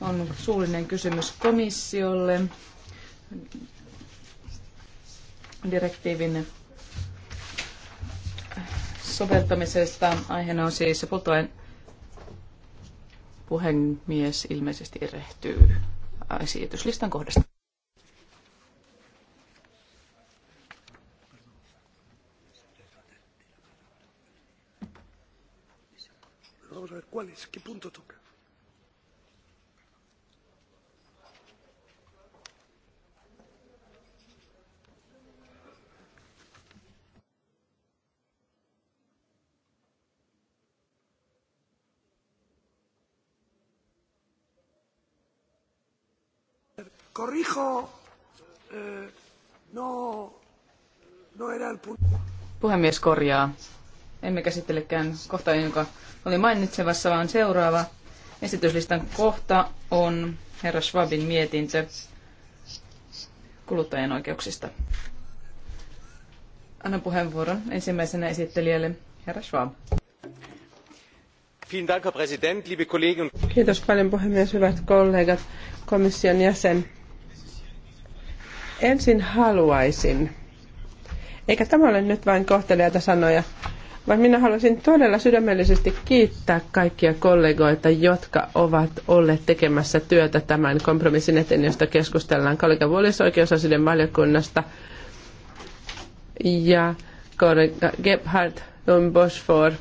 on suullinen kysymys komissiolle direktiivin soveltamisesta. Aiheena on siis puhtoen puhemies ilmeisesti erehtyy esityslistan kohdasta. Vamos a ver cuál es, qué punto toca. dijo, eh, no, no Puhemies korjaa. Emme käsittelekään kohtaa, jonka oli mainitsevassa, vaan seuraava esityslistan kohta on herra Schwabin mietintö kuluttajien oikeuksista. Annan puheenvuoron ensimmäisenä esittelijälle herra Schwab. Kiitos paljon puhemies, hyvät kollegat, komission jäsen. Ensin haluaisin, eikä tämä ole nyt vain kohteliaita sanoja, vaan minä haluaisin todella sydämellisesti kiittää kaikkia kollegoita, jotka ovat olleet tekemässä työtä tämän kompromissin eteen, josta keskustellaan kollega Vuolis valiokunnasta ja kollega Gebhard von Bosfor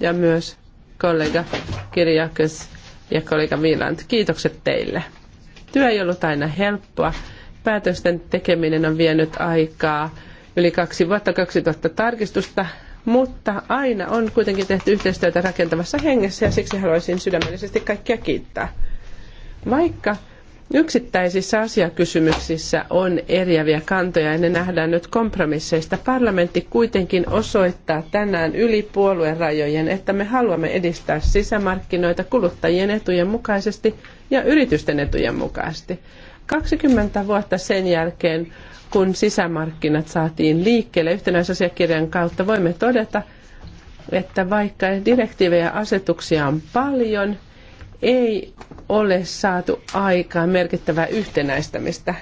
ja myös kollega Kirjakes ja kollega Miland. Kiitokset teille. Työ ei ollut aina helppoa Päätösten tekeminen on vienyt aikaa yli kaksi vuotta, 2000 tarkistusta, mutta aina on kuitenkin tehty yhteistyötä rakentavassa hengessä ja siksi haluaisin sydämellisesti kaikkia kiittää. Vaikka yksittäisissä asiakysymyksissä on eriäviä kantoja ja ne nähdään nyt kompromisseista, parlamentti kuitenkin osoittaa tänään yli puolueen rajojen, että me haluamme edistää sisämarkkinoita kuluttajien etujen mukaisesti ja yritysten etujen mukaisesti. 20 vuotta sen jälkeen, kun sisämarkkinat saatiin liikkeelle yhtenäisasiakirjan kautta, voimme todeta, että vaikka direktiivejä ja asetuksia on paljon, ei ole saatu aikaan merkittävää yhtenäistämistä.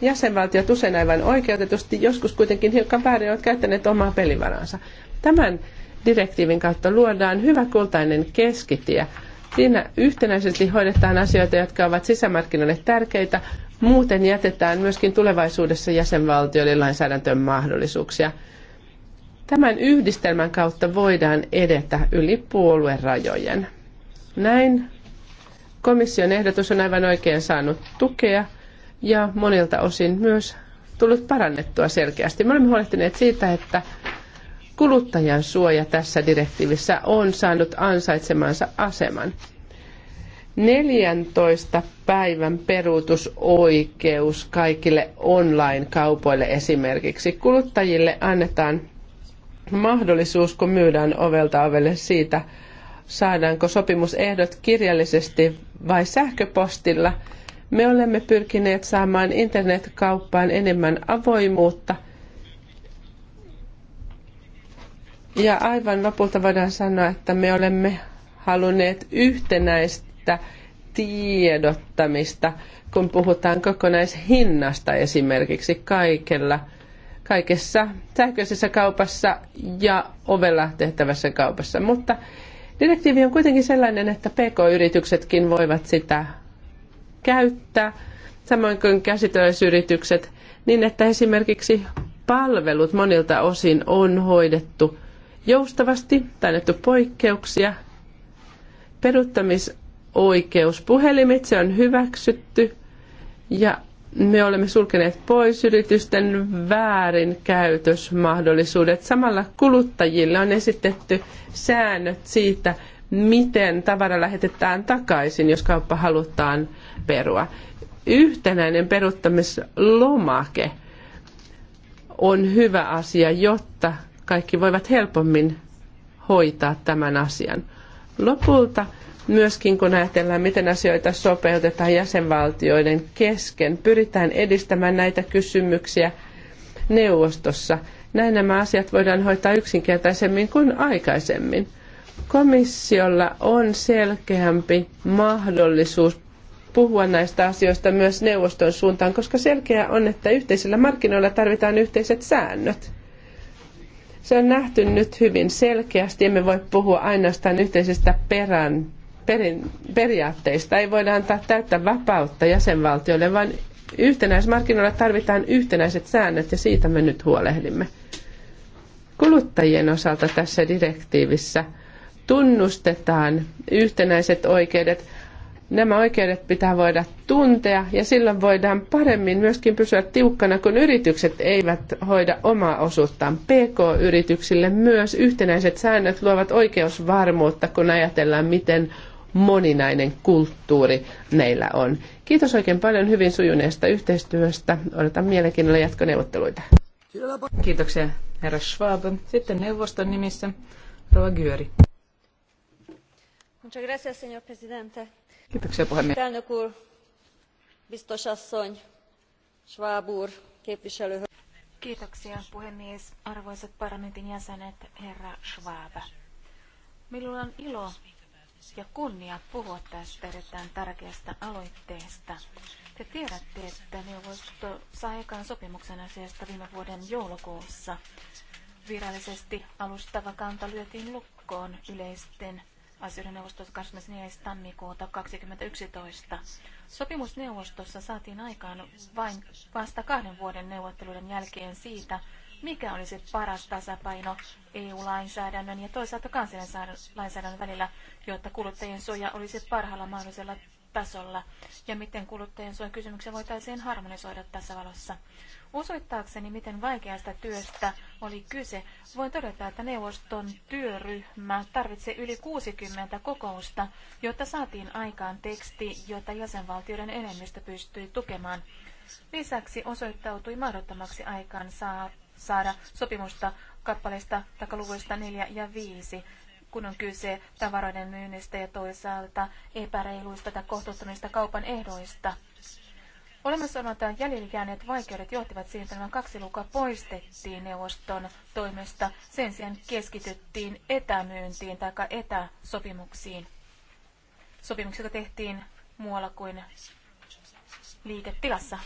Jäsenvaltiot usein aivan oikeutetusti, joskus kuitenkin hiukan väärin ovat käyttäneet omaa pelivaransa. Tämän direktiivin kautta luodaan hyvä kultainen keskitie – Siinä yhtenäisesti hoidetaan asioita, jotka ovat sisämarkkinoille tärkeitä. Muuten jätetään myöskin tulevaisuudessa jäsenvaltioille lainsäädäntöön mahdollisuuksia. Tämän yhdistelmän kautta voidaan edetä yli puoluerajojen. Näin komission ehdotus on aivan oikein saanut tukea ja monilta osin myös tullut parannettua selkeästi. Me olemme huolehtineet siitä, että kuluttajan suoja tässä direktiivissä on saanut ansaitsemansa aseman. 14 päivän peruutusoikeus kaikille online-kaupoille esimerkiksi. Kuluttajille annetaan mahdollisuus, kun myydään ovelta ovelle siitä, saadaanko sopimusehdot kirjallisesti vai sähköpostilla. Me olemme pyrkineet saamaan internetkauppaan enemmän avoimuutta – Ja aivan lopulta voidaan sanoa, että me olemme halunneet yhtenäistä tiedottamista, kun puhutaan kokonaishinnasta esimerkiksi kaikella, kaikessa sähköisessä kaupassa ja ovella tehtävässä kaupassa. Mutta direktiivi on kuitenkin sellainen, että pk-yrityksetkin voivat sitä käyttää, samoin kuin käsityöläisyritykset, niin että esimerkiksi palvelut monilta osin on hoidettu – joustavasti tai annettu poikkeuksia. Peruuttamisoikeus puhelimitse on hyväksytty ja me olemme sulkeneet pois yritysten väärinkäytösmahdollisuudet. Samalla kuluttajille on esitetty säännöt siitä, miten tavara lähetetään takaisin, jos kauppa halutaan perua. Yhtenäinen peruuttamislomake on hyvä asia, jotta kaikki voivat helpommin hoitaa tämän asian. Lopulta myöskin kun ajatellaan, miten asioita sopeutetaan jäsenvaltioiden kesken, pyritään edistämään näitä kysymyksiä neuvostossa. Näin nämä asiat voidaan hoitaa yksinkertaisemmin kuin aikaisemmin. Komissiolla on selkeämpi mahdollisuus puhua näistä asioista myös neuvoston suuntaan, koska selkeää on, että yhteisillä markkinoilla tarvitaan yhteiset säännöt. Se on nähty nyt hyvin selkeästi. Emme voi puhua ainoastaan yhteisistä perän, perin, periaatteista. Ei voida antaa täyttä vapautta jäsenvaltioille, vaan yhtenäismarkkinoilla tarvitaan yhtenäiset säännöt ja siitä me nyt huolehdimme. Kuluttajien osalta tässä direktiivissä tunnustetaan yhtenäiset oikeudet – Nämä oikeudet pitää voida tuntea ja silloin voidaan paremmin myöskin pysyä tiukkana, kun yritykset eivät hoida omaa osuuttaan. PK-yrityksille myös yhtenäiset säännöt luovat oikeusvarmuutta, kun ajatellaan, miten moninainen kulttuuri meillä on. Kiitos oikein paljon hyvin sujuneesta yhteistyöstä. Odotan mielenkiinnolla jatkoneuvotteluita. Kiitoksia, herra Schwab. Sitten neuvoston nimissä, Rova Györi. Muchas gracias, señor presidente. Kiitoksia puhemies. Kiitoksia puhemies, arvoisat parlamentin jäsenet, herra Schwab. Minulla on ilo ja kunnia puhua tästä erittäin tärkeästä aloitteesta. Te tiedätte, että neuvosto saa aikaan sopimuksen asiasta viime vuoden joulukuussa. Virallisesti alustava kanta lyötiin lukkoon yleisten asioiden neuvostossa 24. tammikuuta 2011. Sopimusneuvostossa saatiin aikaan vain vasta kahden vuoden neuvotteluiden jälkeen siitä, mikä olisi paras tasapaino EU-lainsäädännön ja toisaalta kansallisen lainsäädännön välillä, jotta kuluttajien suoja olisi parhaalla mahdollisella tasolla ja miten kuluttajien suojan kysymyksiä voitaisiin harmonisoida tässä valossa. Osoittaakseni, miten vaikeasta työstä oli kyse, voin todeta, että neuvoston työryhmä tarvitsee yli 60 kokousta, jotta saatiin aikaan teksti, jota jäsenvaltioiden enemmistö pystyi tukemaan. Lisäksi osoittautui mahdottomaksi aikaan saa, saada sopimusta kappaleista takaluvuista 4 ja 5 kun on kyse tavaroiden myynnistä ja toisaalta epäreiluista tai kohtuuttomista kaupan ehdoista. Olemassa olevat jäljelle jääneet vaikeudet johtivat siihen, että nämä kaksi lukua poistettiin neuvoston toimesta. Sen sijaan keskityttiin etämyyntiin tai etäsopimuksiin. Sopimuksia tehtiin muualla kuin liiketilassa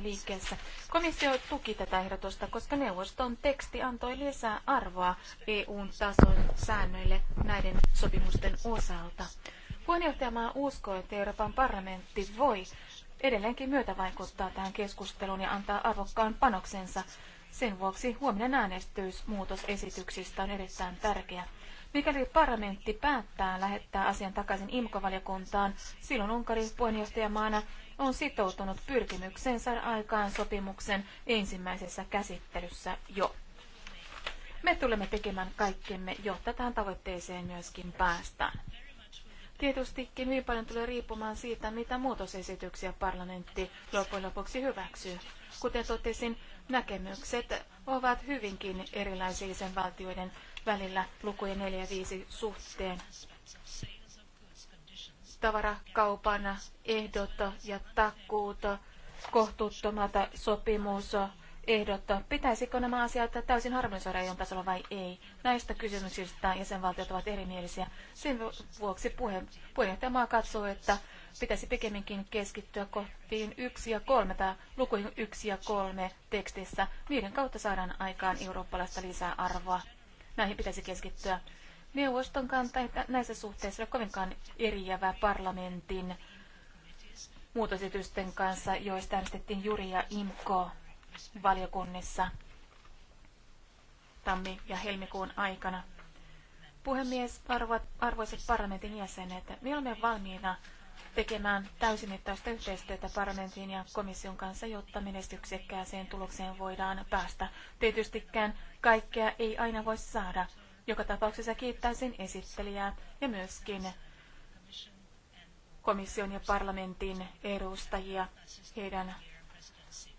liikkeessä. Komissio tuki tätä ehdotusta, koska neuvoston teksti antoi lisää arvoa EUn tason säännöille näiden sopimusten osalta. Puheenjohtajamaa uskoo, että Euroopan parlamentti voi edelleenkin myötävaikuttaa tähän keskusteluun ja antaa arvokkaan panoksensa. Sen vuoksi huominen äänestys muutosesityksistä on erittäin tärkeä. Mikäli parlamentti päättää lähettää asian takaisin imkovaliokuntaan, silloin Unkari puheenjohtajamaana on sitoutunut pyrkimykseen saada aikaan sopimuksen ensimmäisessä käsittelyssä jo. Me tulemme tekemään kaikkemme, jotta tähän tavoitteeseen myöskin päästään. Tietystikin hyvin paljon tulee riippumaan siitä, mitä muutosesityksiä parlamentti loppujen lopuksi hyväksyy. Kuten totesin, näkemykset ovat hyvinkin erilaisia sen valtioiden välillä lukujen 4 ja 5 suhteen tavarakaupan ehdot ja takkuut, kohtuuttomat sopimusehdot. Pitäisikö nämä asiat täysin harmonisoida EUn tasolla vai ei? Näistä kysymyksistä jäsenvaltiot ovat erimielisiä. Sen vuoksi puhe, puheenjohtajamaa katsoo, että pitäisi pikemminkin keskittyä kohtiin yksi ja kolme tai lukuihin yksi ja kolme tekstissä. Niiden kautta saadaan aikaan eurooppalaista lisää arvoa. Näihin pitäisi keskittyä. Neuvoston kanta näissä suhteissa ei ole kovinkaan eriävä parlamentin muutosesitysten kanssa, joista äänestettiin Juri ja Imko valiokunnissa tammi- ja helmikuun aikana. Puhemies, arvoat, arvoiset parlamentin jäsenet, me olemme valmiina tekemään täysimittaista yhteistyötä parlamentin ja komission kanssa, jotta menestyksekkääseen tulokseen voidaan päästä. Tietystikään kaikkea ei aina voi saada joka tapauksessa kiittäisin esittelijää ja myöskin komission ja parlamentin edustajia heidän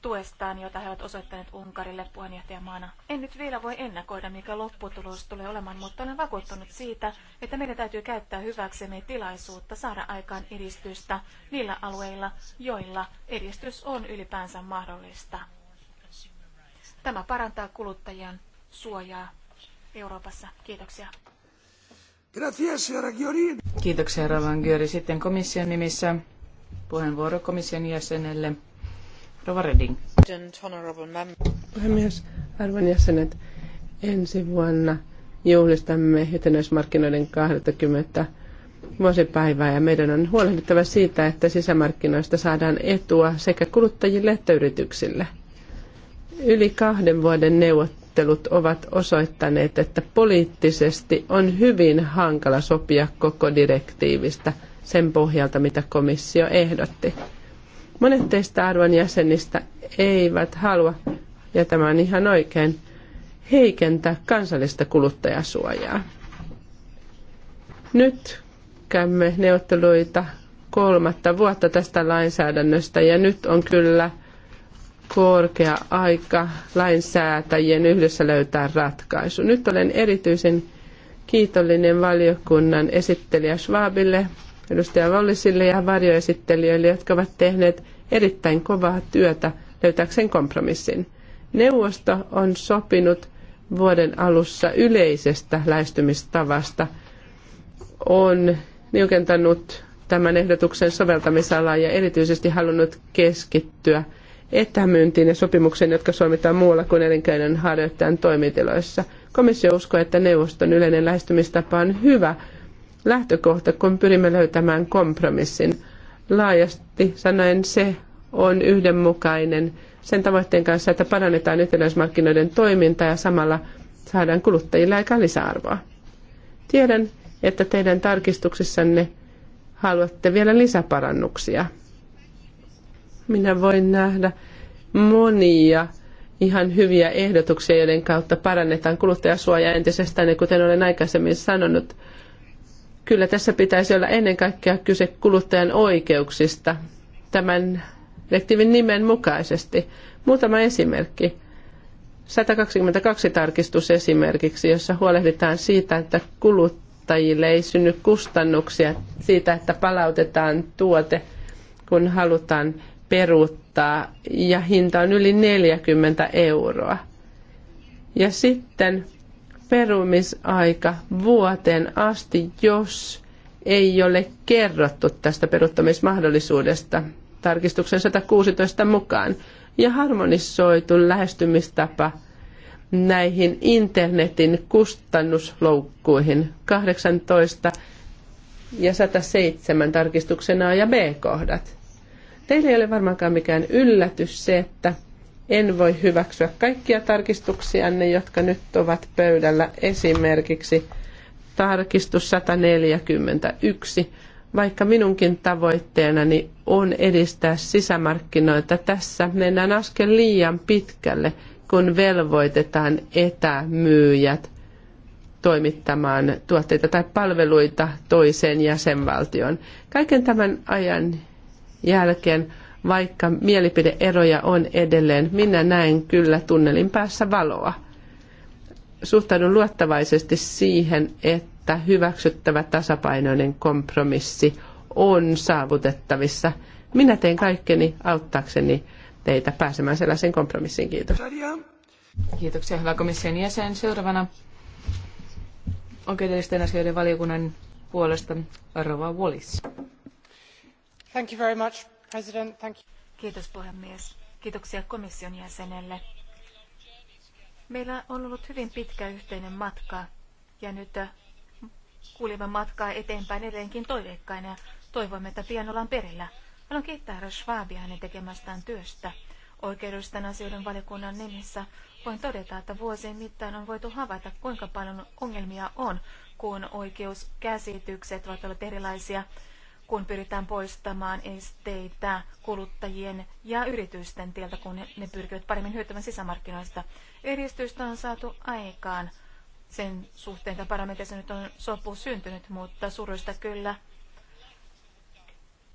tuestaan, jota he ovat osoittaneet Unkarille puheenjohtajamaana. En nyt vielä voi ennakoida, mikä lopputulos tulee olemaan, mutta olen vakuuttunut siitä, että meidän täytyy käyttää hyväksemme tilaisuutta saada aikaan edistystä niillä alueilla, joilla edistys on ylipäänsä mahdollista. Tämä parantaa kuluttajan suojaa Euroopassa. Kiitoksia. Kiitoksia, Ravan Györi. Sitten komission nimissä puheenvuoro komission jäsenelle. Rova Reding. Puhemies, arvon jäsenet, ensi vuonna juhlistamme yhtenäismarkkinoiden 20 vuosipäivää ja meidän on huolehdittava siitä, että sisämarkkinoista saadaan etua sekä kuluttajille että yrityksille. Yli kahden vuoden neuvottelut neuvottelut ovat osoittaneet, että poliittisesti on hyvin hankala sopia koko direktiivistä sen pohjalta, mitä komissio ehdotti. Monet teistä arvon jäsenistä eivät halua, ja tämä on ihan oikein, heikentää kansallista kuluttajasuojaa. Nyt käymme neuvotteluita kolmatta vuotta tästä lainsäädännöstä ja nyt on kyllä – korkea aika lainsäätäjien yhdessä löytää ratkaisu. Nyt olen erityisen kiitollinen valiokunnan esittelijä Schwabille, edustaja Wallisille ja varjoesittelijöille, jotka ovat tehneet erittäin kovaa työtä löytääkseen kompromissin. Neuvosto on sopinut vuoden alussa yleisestä lähestymistavasta, on niukentanut tämän ehdotuksen soveltamisalaa ja erityisesti halunnut keskittyä – etämyyntiin ja sopimukseen, jotka solmitaan muualla kuin elinkeinon harjoittajan toimitiloissa. Komissio uskoo, että neuvoston yleinen lähestymistapa on hyvä lähtökohta, kun pyrimme löytämään kompromissin. Laajasti sanoen se on yhdenmukainen sen tavoitteen kanssa, että parannetaan yhtenäismarkkinoiden toimintaa ja samalla saadaan kuluttajille aikaan lisäarvoa. Tiedän, että teidän tarkistuksissanne haluatte vielä lisäparannuksia minä voin nähdä monia ihan hyviä ehdotuksia, joiden kautta parannetaan kuluttajasuojaa entisestään. niin kuten olen aikaisemmin sanonut, kyllä tässä pitäisi olla ennen kaikkea kyse kuluttajan oikeuksista tämän direktiivin nimen mukaisesti. Muutama esimerkki. 122 tarkistus esimerkiksi, jossa huolehditaan siitä, että kuluttajille ei synny kustannuksia siitä, että palautetaan tuote, kun halutaan peruuttaa ja hinta on yli 40 euroa. Ja sitten perumisaika vuoteen asti, jos ei ole kerrottu tästä peruuttamismahdollisuudesta tarkistuksen 116 mukaan. Ja harmonisoitu lähestymistapa näihin internetin kustannusloukkuihin 18 ja 107 tarkistuksena A ja B-kohdat. Teille ei ole varmaankaan mikään yllätys se, että en voi hyväksyä kaikkia tarkistuksianne, jotka nyt ovat pöydällä. Esimerkiksi tarkistus 141, vaikka minunkin tavoitteenani on edistää sisämarkkinoita. Tässä mennään askel liian pitkälle, kun velvoitetaan etämyyjät toimittamaan tuotteita tai palveluita toiseen jäsenvaltioon. Kaiken tämän ajan jälkeen, vaikka mielipideeroja on edelleen. Minä näen kyllä tunnelin päässä valoa. Suhtaudun luottavaisesti siihen, että hyväksyttävä tasapainoinen kompromissi on saavutettavissa. Minä teen kaikkeni auttaakseni teitä pääsemään sellaisen kompromissiin. Kiitos. Kiitoksia, hyvä komission jäsen. Seuraavana oikeudellisten asioiden valiokunnan puolesta Rova Wallis arvoisa Kiitos puhemies. Kiitoksia komission jäsenelle. Meillä on ollut hyvin pitkä yhteinen matka ja nyt äh, kuljemme matkaa eteenpäin edelleenkin toiveikkaina ja toivomme, että pian ollaan perillä. Haluan kiittää Herra Schwabia hänen tekemästään työstä. Oikeudellisten asioiden valiokunnan nimissä voin todeta, että vuosien mittaan on voitu havaita, kuinka paljon ongelmia on, kun oikeuskäsitykset ovat olleet erilaisia kun pyritään poistamaan esteitä kuluttajien ja yritysten tieltä, kun ne pyrkivät paremmin hyötymään sisämarkkinoista. Edistystä on saatu aikaan sen suhteen, että parlamentissa nyt on sopu syntynyt, mutta suruista kyllä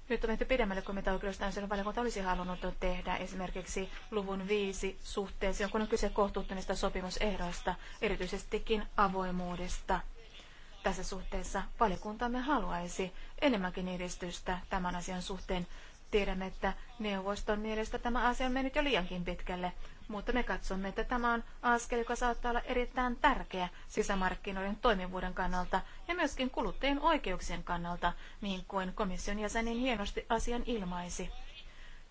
nyt on menty pidemmälle kuin mitä oikeastaan valiokunta olisi halunnut tehdä esimerkiksi luvun viisi suhteeseen, kun on kyse kohtuuttomista sopimusehdoista, erityisestikin avoimuudesta. Tässä suhteessa valiokuntamme haluaisi enemmänkin edistystä tämän asian suhteen. Tiedämme, että neuvoston mielestä tämä asia on mennyt jo liiankin pitkälle, mutta me katsomme, että tämä on askel, joka saattaa olla erittäin tärkeä sisämarkkinoiden toimivuuden kannalta ja myöskin kuluttajien oikeuksien kannalta, niin kuin komission jäsenin hienosti asian ilmaisi.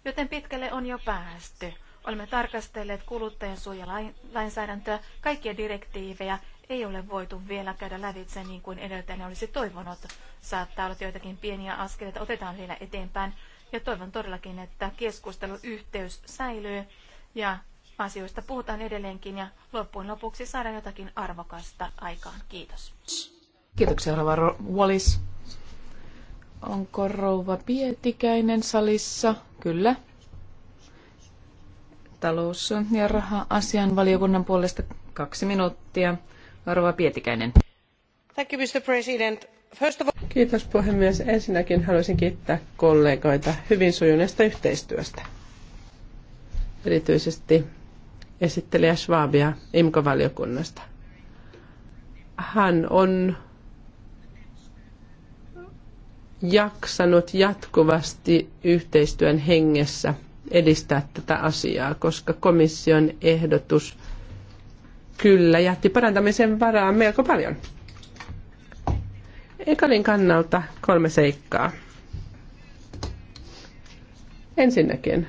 Joten pitkälle on jo päästy. Olemme tarkastelleet kuluttajansuojalainsäädäntöä, kaikkia direktiivejä ei ole voitu vielä käydä lävitse niin kuin edeltäjäni olisi toivonut. Saattaa olla joitakin pieniä askeleita, otetaan vielä eteenpäin. Ja toivon todellakin, että keskusteluyhteys säilyy ja asioista puhutaan edelleenkin ja loppujen lopuksi saadaan jotakin arvokasta aikaan. Kiitos. Kiitoksia, Rova Wallis. Onko rouva Pietikäinen salissa? Kyllä. Talous- ja raha-asian valiokunnan puolesta kaksi minuuttia. Arvoisa Pietikäinen. Thank you, Mr. President. First of all... Kiitos puhemies. Ensinnäkin haluaisin kiittää kollegoita hyvin sujuneesta yhteistyöstä. Erityisesti esittelijä Schwabia imco valiokunnasta Hän on jaksanut jatkuvasti yhteistyön hengessä edistää tätä asiaa, koska komission ehdotus kyllä jätti parantamisen varaa melko paljon. Ekalin kannalta kolme seikkaa. Ensinnäkin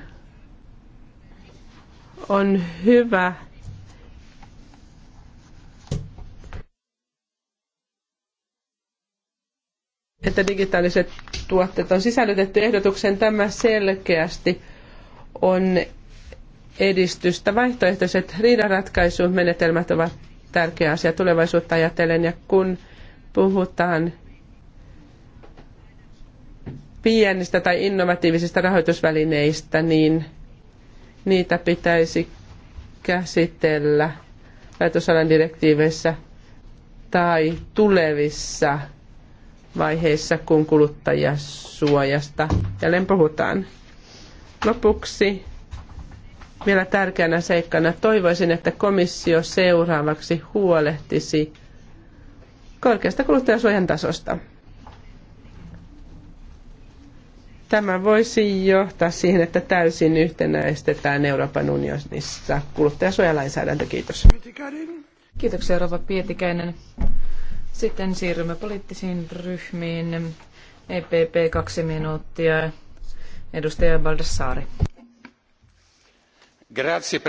on hyvä että digitaaliset tuotteet on sisällytetty ehdotuksen. Tämä selkeästi on edistystä. Vaihtoehtoiset riidanratkaisumenetelmät ovat tärkeä asia tulevaisuutta ajatellen. Ja kun puhutaan pienistä tai innovatiivisista rahoitusvälineistä, niin niitä pitäisi käsitellä rahoitusalan direktiiveissä tai tulevissa vaiheissa, kun kuluttajasuojasta jälleen puhutaan. Lopuksi vielä tärkeänä seikkana. Toivoisin, että komissio seuraavaksi huolehtisi korkeasta kuluttajasuojan tasosta. Tämä voisi johtaa siihen, että täysin yhtenäistetään Euroopan unionissa kuluttajasuojalainsäädäntö. Kiitos. Kiitoksia Rova Pietikäinen. Sitten siirrymme poliittisiin ryhmiin. EPP kaksi minuuttia. Edustaja Baldassarre arvoisa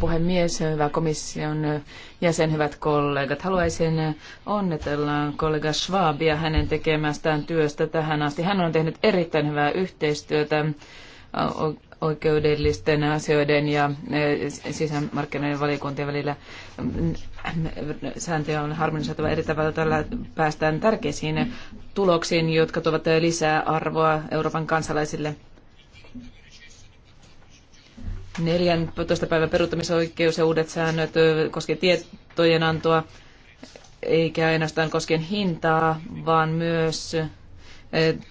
puhemies, hyvä komission jäsen, hyvät kollegat. Haluaisin onnitella kollega Schwabia hänen tekemästään työstä tähän asti. Hän on tehnyt erittäin hyvää yhteistyötä oikeudellisten asioiden ja e, sisämarkkinoiden valiokuntien välillä sääntöjä on harmonisoitava eri tavalla. Tällä päästään tärkeisiin tuloksiin, jotka tuovat lisää arvoa Euroopan kansalaisille. 14. päivän peruuttamisoikeus ja uudet säännöt koskien antoa, eikä ainoastaan koskien hintaa, vaan myös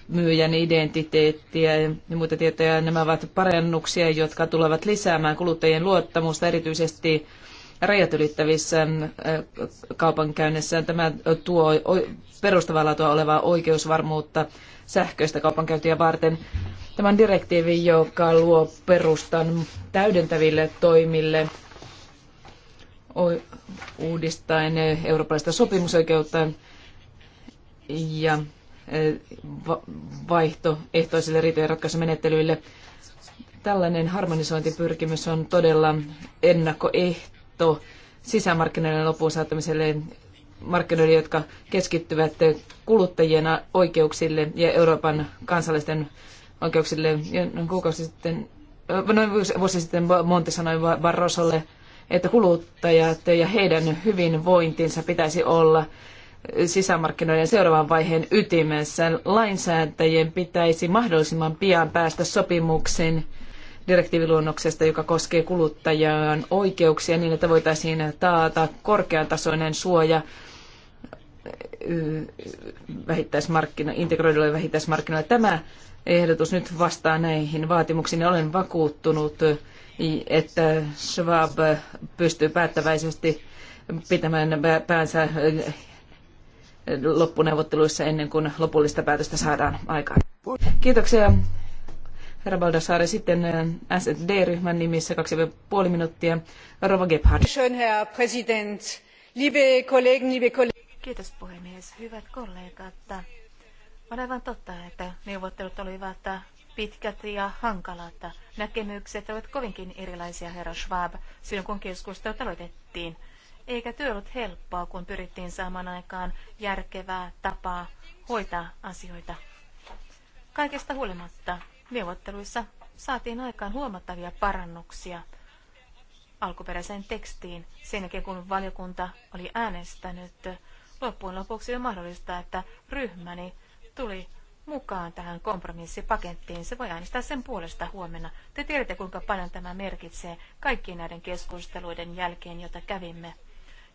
myyjän identiteettiä ja muita tietoja. Nämä ovat parannuksia, jotka tulevat lisäämään kuluttajien luottamusta erityisesti rajat ylittävissä kaupankäynnissä. Tämä tuo perustavaa laatua olevaa oikeusvarmuutta sähköistä kaupankäyntiä varten. Tämä on direktiivi, joka luo perustan täydentäville toimille uudistaen eurooppalaista sopimusoikeutta ja e, vaihtoehtoisille riitojen ratkaisumenettelyille. Tällainen harmonisointipyrkimys on todella ennakkoehto sisämarkkinoiden loppuun saattamiselle markkinoille, jotka keskittyvät kuluttajien oikeuksille ja Euroopan kansalaisten oikeuksille. Ja noin kuukausi sitten, noin vuosi sitten Monti sanoi Barrosolle, että kuluttajat ja heidän hyvinvointinsa pitäisi olla sisämarkkinoiden seuraavan vaiheen ytimessä. Lainsäätäjien pitäisi mahdollisimman pian päästä sopimuksen direktiiviluonnoksesta, joka koskee kuluttajan oikeuksia niin, että voitaisiin taata korkeatasoinen suoja vähittäismarkkino, integroidulle vähittäismarkkinoille. Tämä ehdotus nyt vastaa näihin vaatimuksiin. Olen vakuuttunut, että Schwab pystyy päättäväisesti pitämään päänsä loppuneuvotteluissa ennen kuin lopullista päätöstä saadaan aikaan. Kiitoksia herra Baldassare. Sitten äh, SD-ryhmän nimissä 2,5 minuuttia. Rova Gebhardt. Kiitos puhemies. Hyvät kollegat. On aivan totta, että neuvottelut olivat pitkät ja hankalat. Näkemykset olivat kovinkin erilaisia, herra Schwab, silloin kun keskustelut aloitettiin. Eikä työ ollut helppoa, kun pyrittiin saamaan aikaan järkevää tapaa hoitaa asioita. Kaikesta huolimatta neuvotteluissa saatiin aikaan huomattavia parannuksia alkuperäiseen tekstiin sen jälkeen, kun valiokunta oli äänestänyt. Loppujen lopuksi oli mahdollista, että ryhmäni tuli mukaan tähän kompromissipakettiin. Se voi äänestää sen puolesta huomenna. Te tiedätte, kuinka paljon tämä merkitsee kaikkien näiden keskusteluiden jälkeen, joita kävimme.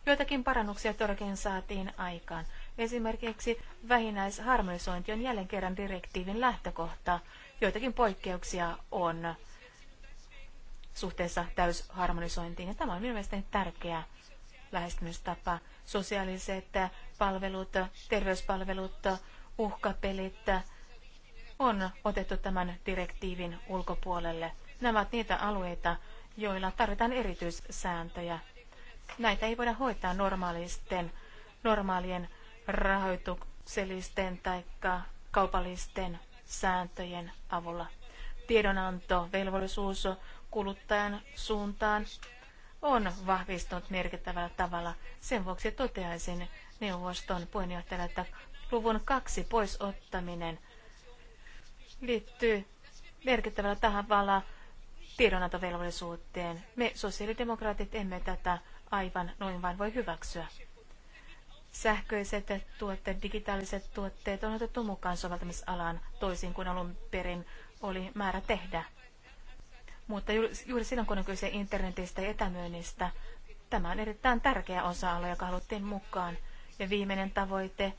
Joitakin parannuksia todellakin saatiin aikaan. Esimerkiksi vähinäisharmonisointi on jälleen kerran direktiivin lähtökohta. Joitakin poikkeuksia on suhteessa täysharmonisointiin, ja tämä on minun mielestäni tärkeä lähestymistapa. Sosiaaliset palvelut, terveyspalvelut, uhkapelit on otettu tämän direktiivin ulkopuolelle. Nämä ovat niitä alueita, joilla tarvitaan erityissääntöjä. Näitä ei voida hoitaa normaalisten, normaalien rahoituksellisten tai kaupallisten sääntöjen avulla. Tiedonanto, velvollisuus kuluttajan suuntaan on vahvistunut merkittävällä tavalla. Sen vuoksi toteaisin neuvoston puheenjohtajalle, että luvun kaksi poisottaminen liittyy merkittävällä tavalla tiedonantovelvollisuuteen. Me sosiaalidemokraatit emme tätä aivan noin vain voi hyväksyä. Sähköiset tuotteet, digitaaliset tuotteet on otettu mukaan soveltamisalaan toisin kuin alun perin oli määrä tehdä. Mutta juuri silloin, kun on kyse internetistä ja etämyynnistä, tämä on erittäin tärkeä osa-alue, joka haluttiin mukaan. Ja viimeinen tavoite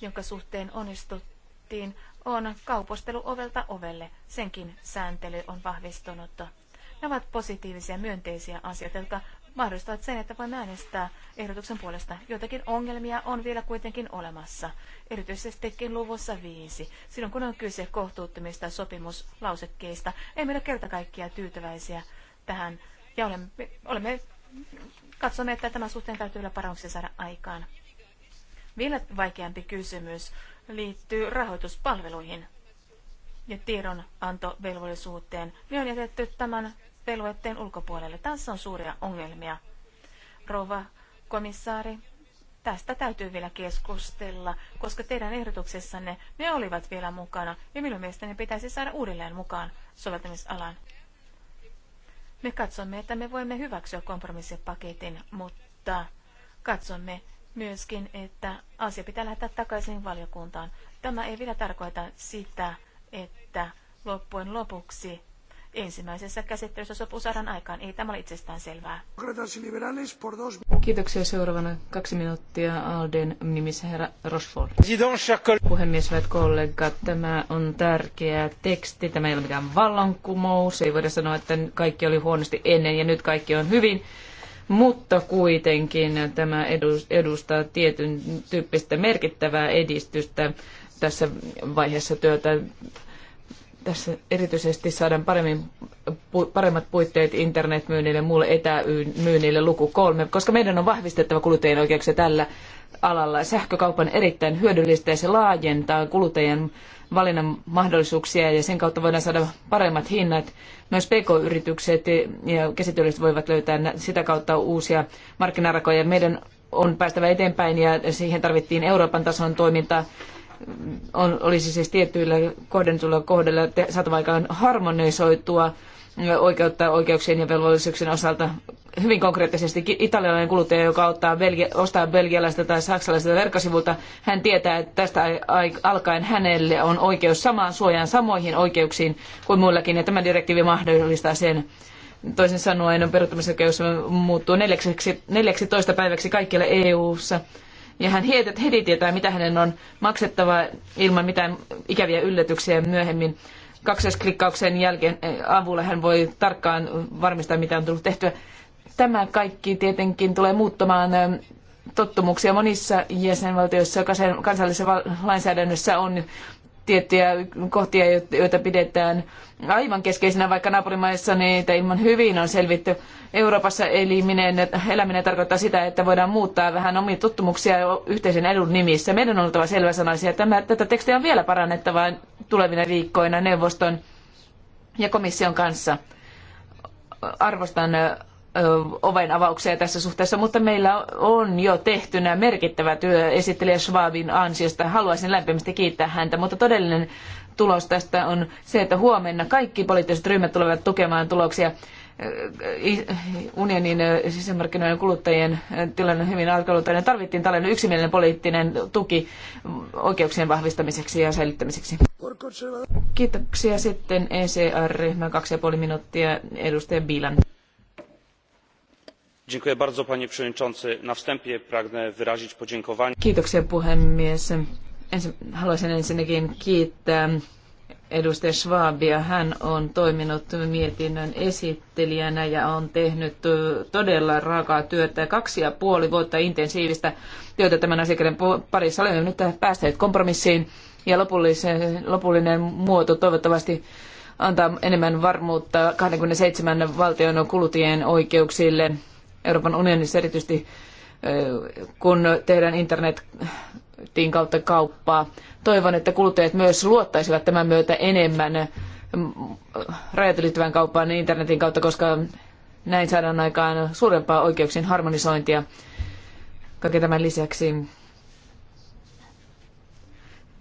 jonka suhteen onnistuttiin, on kaupostelu ovelta ovelle. Senkin sääntely on vahvistunut. Ne ovat positiivisia, myönteisiä asioita, jotka mahdollistavat sen, että voimme äänestää ehdotuksen puolesta. Joitakin ongelmia on vielä kuitenkin olemassa, erityisestikin luvussa viisi. Silloin kun on kyse kohtuuttomista sopimuslausekkeista, ei meillä kerta kaikkia tyytyväisiä tähän. Ja olemme, olemme katsoneet, että tämän suhteen täytyy olla parannuksia saada aikaan. Vielä vaikeampi kysymys liittyy rahoituspalveluihin ja tiedonantovelvollisuuteen. Ne on jätetty tämän velvoitteen ulkopuolelle. Tässä on suuria ongelmia. Rova komissaari, tästä täytyy vielä keskustella, koska teidän ehdotuksessanne ne olivat vielä mukana ja minun mielestäni ne pitäisi saada uudelleen mukaan soveltamisalan. Me katsomme, että me voimme hyväksyä kompromissipaketin, mutta katsomme, myöskin, että asia pitää lähettää takaisin valiokuntaan. Tämä ei vielä tarkoita sitä, että loppujen lopuksi ensimmäisessä käsittelyssä sopu saadaan aikaan. Ei tämä ole itsestään selvää. Kiitoksia. Seuraavana kaksi minuuttia Alden nimissä herra Rosford. Puhemies, hyvät kollegat, tämä on tärkeä teksti. Tämä ei ole mikään vallankumous. Ei voida sanoa, että kaikki oli huonosti ennen ja nyt kaikki on hyvin mutta kuitenkin tämä edustaa tietyn tyyppistä merkittävää edistystä tässä vaiheessa työtä. Tässä erityisesti saadaan paremmin, paremmat puitteet internetmyynnille ja muulle etämyynnille luku kolme, koska meidän on vahvistettava kuluttajien oikeuksia tällä alalla. Sähkökaupan erittäin hyödyllistä ja se laajentaa kuluttajien valinnan mahdollisuuksia ja sen kautta voidaan saada paremmat hinnat. Myös PK-yritykset ja käsityölliset voivat löytää sitä kautta uusia markkinarakoja. Meidän on päästävä eteenpäin ja siihen tarvittiin Euroopan tason toimintaa. On, olisi siis tietyillä kohdennetuilla kohdilla saatava aikaan harmonisoitua oikeutta oikeuksien ja velvollisuuksien osalta hyvin konkreettisesti. Italialainen kuluttaja, joka ottaa ostaa belgialaista tai saksalaista verkkosivulta, hän tietää, että tästä alkaen hänelle on oikeus samaan suojaan, samoihin oikeuksiin kuin muillakin, ja tämä direktiivi mahdollistaa sen. Toisin sanoen peruuttamisoikeus muuttuu 14 päiväksi kaikkialla EU-ssa. Ja hän heti tietää, mitä hänen on maksettava ilman mitään ikäviä yllätyksiä myöhemmin kaksoisklikkauksen jälkeen eh, avulla hän voi tarkkaan varmistaa, mitä on tullut tehtyä. Tämä kaikki tietenkin tulee muuttamaan eh, tottumuksia monissa jäsenvaltioissa kansallisessa lainsäädännössä on tiettyjä kohtia, joita pidetään aivan keskeisinä, vaikka naapurimaissa niitä ilman hyvin on selvitty. Euroopassa eliminen, eläminen tarkoittaa sitä, että voidaan muuttaa vähän omia tuttumuksia yhteisen edun nimissä. Meidän on oltava selväsanaisia. Tämä, tätä tekstiä on vielä parannettava tulevina viikkoina neuvoston ja komission kanssa. Arvostan ovenavauksia tässä suhteessa, mutta meillä on jo tehtynä merkittävä työ esittelijä Schwabin ansiosta. Haluaisin lämpimästi kiittää häntä, mutta todellinen tulos tästä on se, että huomenna kaikki poliittiset ryhmät tulevat tukemaan tuloksia. Unionin sisämarkkinoiden kuluttajien tilanne on hyvin alkalutainen. Tarvittiin tällainen yksimielinen poliittinen tuki oikeuksien vahvistamiseksi ja säilyttämiseksi. Kiitoksia sitten ECR-ryhmä, kaksi ja puoli minuuttia, edustaja na wstępie pragnę wyrazić podziękowanie. kiitoksia puhemies haluaisin ensinnäkin kiittää edustaja schwabia hän on toiminut mietinnön esittelijänä ja on tehnyt todella raakaa työtä kaksi ja puoli vuotta intensiivistä työtä tämän asiakirjan parissa olemme nyt päässeet kompromissiin ja lopullinen muoto toivottavasti antaa enemmän varmuutta 27 valtion kulutien oikeuksille Euroopan unionissa erityisesti, kun tehdään internetin kautta kauppaa. Toivon, että kuluttajat myös luottaisivat tämän myötä enemmän rajat ylittävän kauppaan internetin kautta, koska näin saadaan aikaan suurempaa oikeuksien harmonisointia. Kaiken tämän lisäksi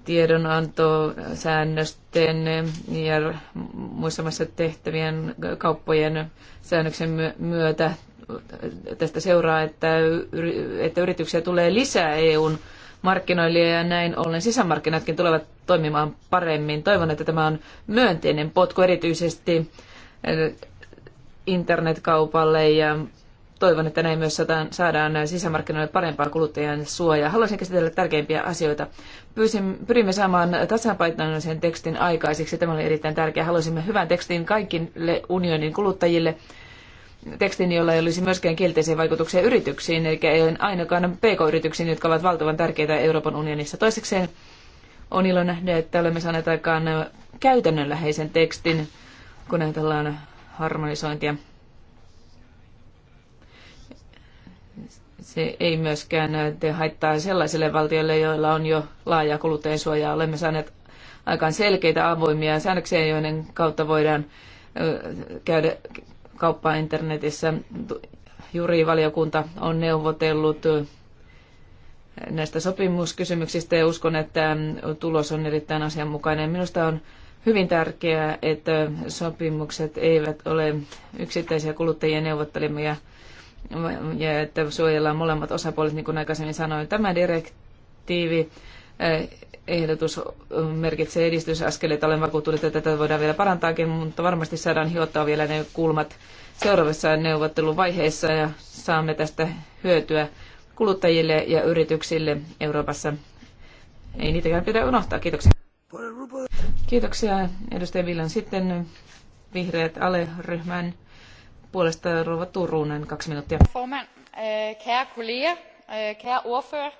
tiedonantosäännösten ja muissa tehtävien kauppojen säännöksen myötä tästä seuraa, että, että yrityksiä tulee lisää EUn markkinoille ja näin ollen sisämarkkinatkin tulevat toimimaan paremmin. Toivon, että tämä on myönteinen potku erityisesti eh, internetkaupalle ja toivon, että näin myös saadaan sisämarkkinoille parempaa kuluttajan suojaa. Haluaisin käsitellä tärkeimpiä asioita. Pyysin, pyrimme saamaan tasapainoisen tekstin aikaiseksi. Tämä oli erittäin tärkeää. Haluaisimme hyvän tekstin kaikille unionin kuluttajille tekstin, jolla ei olisi myöskään kielteisiä vaikutuksia yrityksiin, eli ei ainakaan pk-yrityksiin, jotka ovat valtavan tärkeitä Euroopan unionissa. Toisekseen on ilo nähdä, että olemme saaneet aikaan käytännönläheisen tekstin, kun ajatellaan harmonisointia. Se ei myöskään te haittaa sellaisille valtioille, joilla on jo laaja kuluttajansuojaa. Olemme saaneet aikaan selkeitä avoimia säännöksiä, joiden kautta voidaan käydä kauppaa internetissä. valiokunta on neuvotellut näistä sopimuskysymyksistä ja uskon, että tulos on erittäin asianmukainen. Minusta on hyvin tärkeää, että sopimukset eivät ole yksittäisiä kuluttajien neuvottelemia ja että suojellaan molemmat osapuolet, niin kuin aikaisemmin sanoin. Tämä direktiivi ehdotus merkitsee edistysaskeleita. Olen vakuuttunut, että tätä voidaan vielä parantaakin, mutta varmasti saadaan hiottaa vielä ne kulmat seuraavissa neuvotteluvaiheissa ja saamme tästä hyötyä kuluttajille ja yrityksille Euroopassa. Ei niitäkään pidä unohtaa. Kiitoksia. Kiitoksia edustaja Villan. Sitten vihreät ale-ryhmän puolesta Rova Turunen, kaksi minuuttia. Forman, øh, kære kolleger, øh, kære ordfører,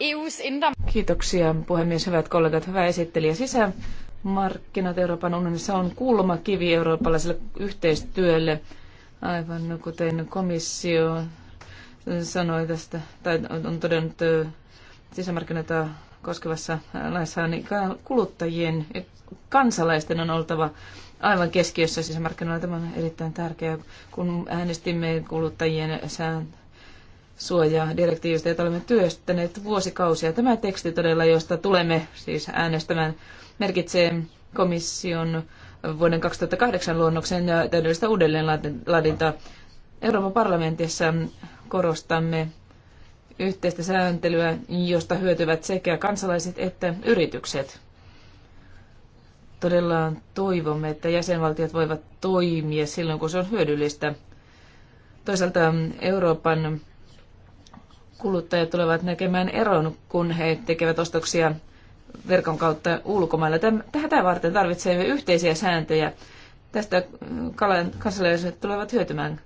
EU's indre Kiitoksia puhemies, hyvät kollegat, hyvä esittelijä. Sisämarkkinat Euroopan unionissa on kulmakivi eurooppalaiselle yhteistyölle, aivan kuten komissio sanoi tästä, tai on todennut sisämarkkinoita koskevassa laissa, niin kuluttajien kansalaisten on oltava aivan keskiössä sisämarkkinoilla. Tämä on erittäin tärkeää, kun äänestimme kuluttajien sään direktiivistä, jota olemme työstäneet vuosikausia. Tämä teksti todella, josta tulemme siis äänestämään, merkitsee komission vuoden 2008 luonnoksen täydellistä uudelleenlaadintaa. Euroopan parlamentissa korostamme yhteistä sääntelyä, josta hyötyvät sekä kansalaiset että yritykset. Todella toivomme, että jäsenvaltiot voivat toimia silloin, kun se on hyödyllistä. Toisaalta Euroopan kuluttajat tulevat näkemään eron, kun he tekevät ostoksia verkon kautta ulkomailla. Tätä varten tarvitsemme yhteisiä sääntöjä. Tästä kansalaiset tulevat hyötymään.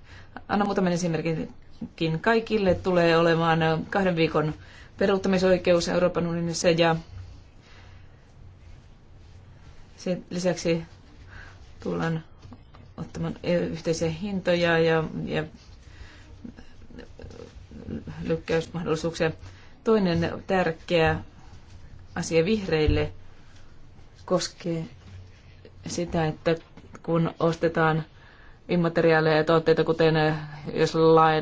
Anna muutaman esimerkinkin. Kaikille tulee olemaan kahden viikon peruuttamisoikeus Euroopan unionissa ja sen lisäksi tullaan ottamaan e- yhteisiä hintoja ja, ja lykkäysmahdollisuuksia. Toinen tärkeä asia vihreille koskee sitä, että kun ostetaan immateriaaleja ja tuotteita, kuten jos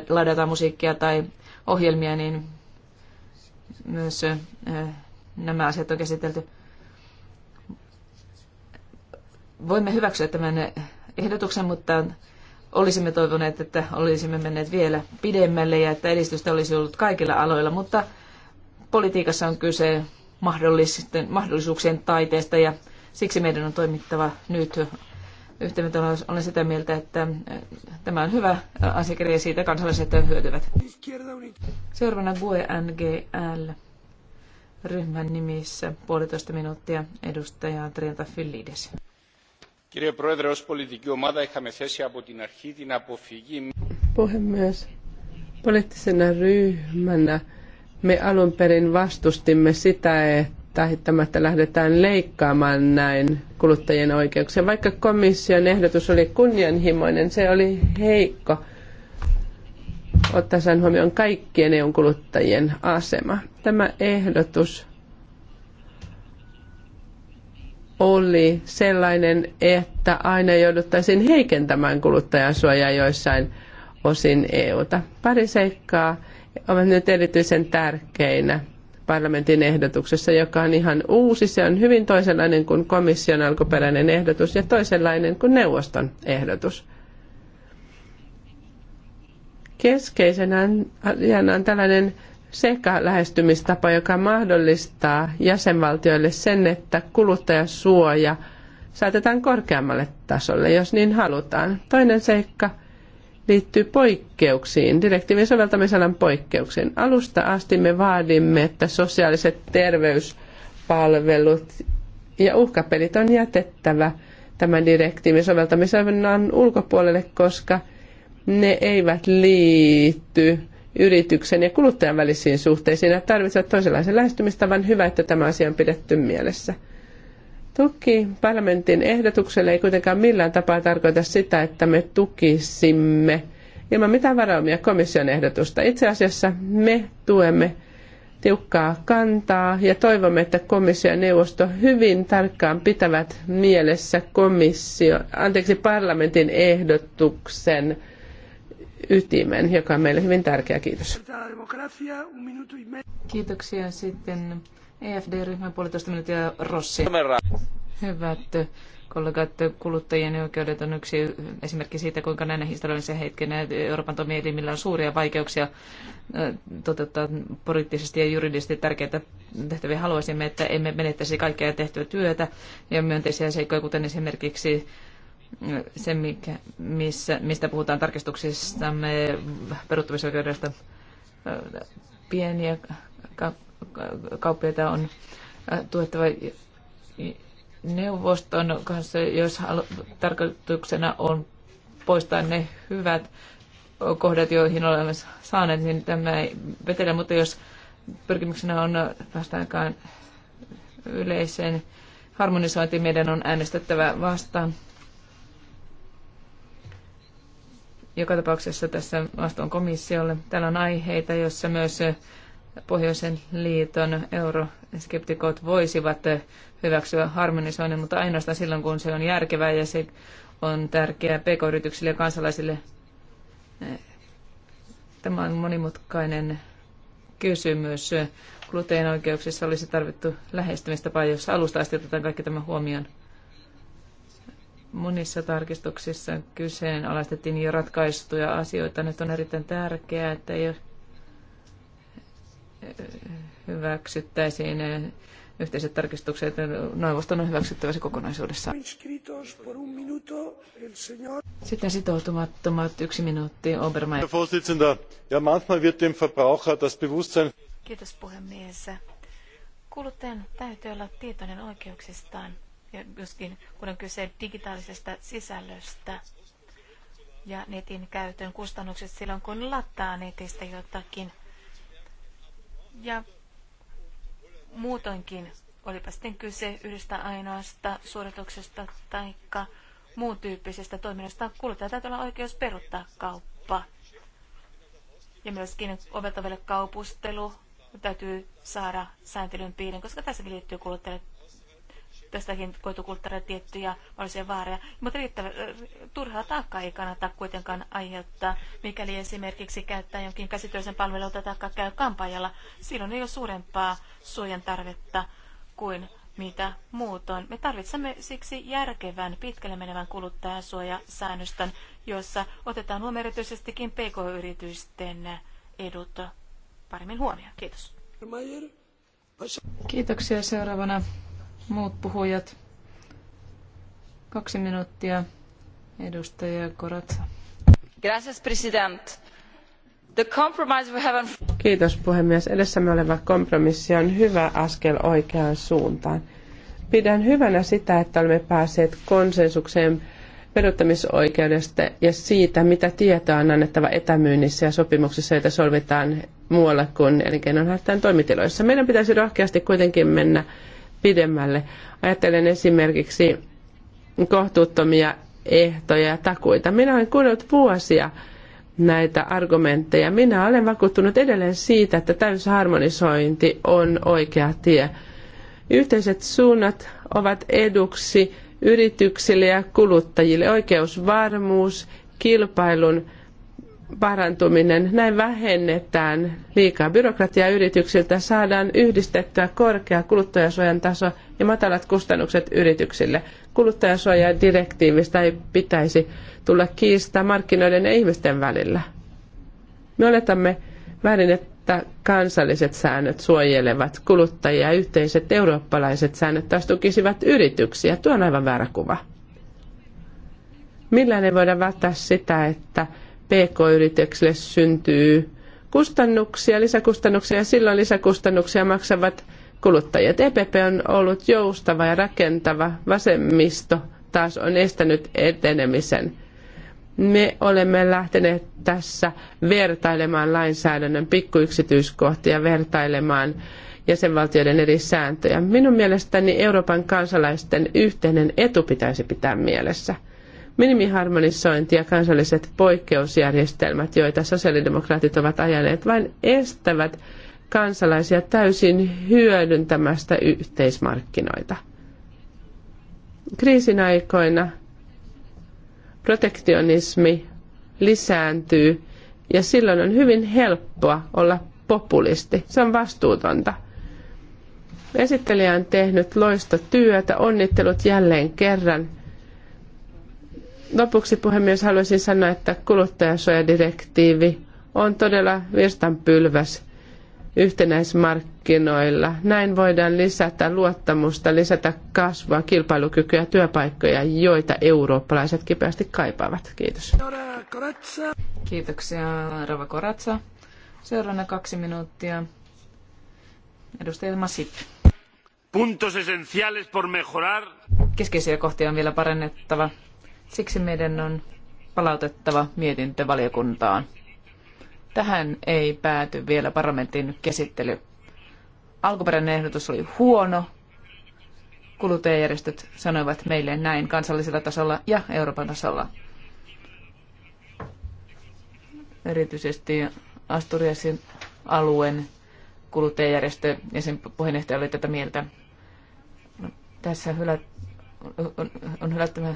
ladataan musiikkia tai ohjelmia, niin myös äh, nämä asiat on käsitelty. Voimme hyväksyä tämän ehdotuksen, mutta Olisimme toivoneet, että olisimme menneet vielä pidemmälle ja että edistystä olisi ollut kaikilla aloilla, mutta politiikassa on kyse mahdollisuuksien taiteesta ja siksi meidän on toimittava nyt yhteenvetona olen sitä mieltä, että tämä on hyvä asiakirja ja siitä kansalaiset hyötyvät. Seuraavana GUE NGL ryhmän nimissä puolitoista minuuttia edustaja Trienta Fyllides. Κύριε Πρόεδρε, ως πολιτική ομάδα είχαμε θέσει από την αρχή την αποφυγή... Puhemies, poliittisena ryhmänä me alun perin vastustimme sitä, että hittämättä lähdetään leikkaamaan näin kuluttajien oikeuksia. Vaikka komission ehdotus oli kunnianhimoinen, se oli heikko ottaen huomioon kaikkien EUn kuluttajien asema. Tämä ehdotus oli sellainen, että aina jouduttaisiin heikentämään kuluttajansuojaa joissain osin EUta. Pari seikkaa ovat nyt erityisen tärkeinä parlamentin ehdotuksessa, joka on ihan uusi. Se on hyvin toisenlainen kuin komission alkuperäinen ehdotus ja toisenlainen kuin neuvoston ehdotus. Keskeisenä on tällainen sekä lähestymistapa, joka mahdollistaa jäsenvaltioille sen, että kuluttajasuoja saatetaan korkeammalle tasolle, jos niin halutaan. Toinen seikka liittyy poikkeuksiin, direktiivin soveltamisalan poikkeuksiin. Alusta asti me vaadimme, että sosiaaliset terveyspalvelut ja uhkapelit on jätettävä tämän direktiivin soveltamisalan ulkopuolelle, koska ne eivät liity yrityksen ja kuluttajan välisiin suhteisiin ja tarvitsevat toisenlaisen lähestymistavan. Hyvä, että tämä asia on pidetty mielessä. Tuki parlamentin ehdotukselle ei kuitenkaan millään tapaa tarkoita sitä, että me tukisimme ilman mitään varaumia komission ehdotusta. Itse asiassa me tuemme tiukkaa kantaa ja toivomme, että komissio ja neuvosto hyvin tarkkaan pitävät mielessä komissio, anteeksi, parlamentin ehdotuksen ytimen, joka on meille hyvin tärkeä. Kiitos. Kiitoksia sitten EFD-ryhmän puolitoista minuuttia Rossi. Hyvät kollegat, kuluttajien oikeudet on yksi esimerkki siitä, kuinka näinä historiallisen hetkenä Euroopan toimielimillä on suuria vaikeuksia toteuttaa poliittisesti ja juridisesti tärkeitä tehtäviä. Haluaisimme, että emme menettäisi kaikkea tehtyä työtä ja myönteisiä seikkoja, kuten esimerkiksi se, mikä, missä, mistä puhutaan tarkistuksissamme peruuttamisoikeudesta. Pieniä kauppiaita on äh, tuettava neuvoston kanssa, jos tarkoituksena on poistaa ne hyvät kohdat, joihin olemme saaneet, niin tämä ei vetele, mutta jos pyrkimyksenä on päästä aikaan yleiseen harmonisointiin, meidän on äänestettävä vastaan. Joka tapauksessa tässä vastuun komissiolle. Täällä on aiheita, joissa myös eh, Pohjoisen liiton euroskeptikot voisivat eh, hyväksyä harmonisoinnin, mutta ainoastaan silloin, kun se on järkevää ja se on tärkeää pk-yrityksille ja kansalaisille. Eh, tämä on monimutkainen kysymys. oikeuksissa olisi tarvittu lähestymistapa, jos alusta asti otetaan kaikki tämä huomioon. Monissa tarkistuksissa kyseenalaistettiin jo ratkaistuja asioita. Nyt on erittäin tärkeää, että jo eh, hyväksyttäisiin eh, yhteiset tarkistukset. Neuvoston on hyväksyttävä se kokonaisuudessaan. Sitten sitoutumattomat yksi minuutti. Obermeier. Ja manchmal wird dem Verbraucher das Bewusstsein... Kiitos puhemies. Kuluttajan täytyy olla tietoinen oikeuksistaan ja myöskin kun on kyse digitaalisesta sisällöstä ja netin käytön kustannukset silloin, kun lataa netistä jotakin. Ja muutoinkin, olipa sitten kyse yhdestä ainoasta suorituksesta tai muun tyyppisestä toiminnasta, kuluttaja täytyy olla oikeus peruttaa kauppa. Ja myöskin ovelta kaupustelu täytyy saada sääntelyn piirin, koska tässäkin liittyy kuluttajalle tästäkin koitu tiettyjä mahdollisia vaaroja. Mutta riittävä, turhaa taakkaa ei kannata kuitenkaan aiheuttaa, mikäli esimerkiksi käyttää jonkin käsityöisen palvelun tai käy kampaajalla. Silloin ei ole suurempaa suojan tarvetta kuin mitä muutoin. Me tarvitsemme siksi järkevän, pitkälle menevän kuluttajasuojasäännöstön, jossa otetaan huomioon erityisestikin pk-yritysten edut paremmin huomioon. Kiitos. Kiitoksia. Seuraavana muut puhujat. Kaksi minuuttia. Edustaja Koratsa. Gracias, president. The compromise we have on... Kiitos puhemies. Edessämme oleva kompromissi on hyvä askel oikeaan suuntaan. Pidän hyvänä sitä, että olemme päässeet konsensukseen peruuttamisoikeudesta ja siitä, mitä tietoa on annettava etämyynnissä ja sopimuksissa, joita solvitaan muualla kuin elinkeinonharjoittajan toimitiloissa. Meidän pitäisi rohkeasti kuitenkin mennä pidemmälle. Ajattelen esimerkiksi kohtuuttomia ehtoja ja takuita. Minä olen kuunnellut vuosia näitä argumentteja. Minä olen vakuuttunut edelleen siitä, että täysharmonisointi on oikea tie. Yhteiset suunnat ovat eduksi yrityksille ja kuluttajille. Oikeusvarmuus, kilpailun parantuminen. Näin vähennetään liikaa byrokratiaa yrityksiltä, saadaan yhdistettyä korkea kuluttajasuojan taso ja matalat kustannukset yrityksille. Kuluttajasuojadirektiivistä ei pitäisi tulla kiistaa markkinoiden ja ihmisten välillä. Me oletamme väärin, että kansalliset säännöt suojelevat kuluttajia ja yhteiset eurooppalaiset säännöt taas tukisivat yrityksiä. Tuo on aivan väärä kuva. Millään ei voida välttää sitä, että PK-yrityksille syntyy kustannuksia, lisäkustannuksia ja silloin lisäkustannuksia maksavat kuluttajat. EPP on ollut joustava ja rakentava, vasemmisto taas on estänyt etenemisen. Me olemme lähteneet tässä vertailemaan lainsäädännön pikkuyksityiskohtia, vertailemaan jäsenvaltioiden eri sääntöjä. Minun mielestäni Euroopan kansalaisten yhteinen etu pitäisi pitää mielessä – Minimiharmonisointi ja kansalliset poikkeusjärjestelmät, joita sosiaalidemokraatit ovat ajaneet, vain estävät kansalaisia täysin hyödyntämästä yhteismarkkinoita. Kriisin aikoina protektionismi lisääntyy ja silloin on hyvin helppoa olla populisti. Se on vastuutonta. Esittelijä on tehnyt loista työtä, onnittelut jälleen kerran – Lopuksi puhemies haluaisin sanoa, että kuluttajansuojadirektiivi on todella virstanpylväs yhtenäismarkkinoilla. Näin voidaan lisätä luottamusta, lisätä kasvua, kilpailukykyä ja työpaikkoja, joita eurooppalaiset kipeästi kaipaavat. Kiitos. Kiitoksia, Rava Koratsa. Seuraavana kaksi minuuttia. Edustaja Masip. Puntos esenciales por mejorar. Keskeisiä kohtia on vielä parannettava. Siksi meidän on palautettava mietintö valiokuntaan. Tähän ei pääty vielä parlamentin käsittely. Alkuperäinen ehdotus oli huono. Kuluttajajärjestöt sanoivat meille näin kansallisella tasolla ja Euroopan tasolla. Erityisesti Asturiasin alueen kuluttajajärjestö ja sen puheenjohtaja oli tätä mieltä. No, tässä hylät, on, on hylättävä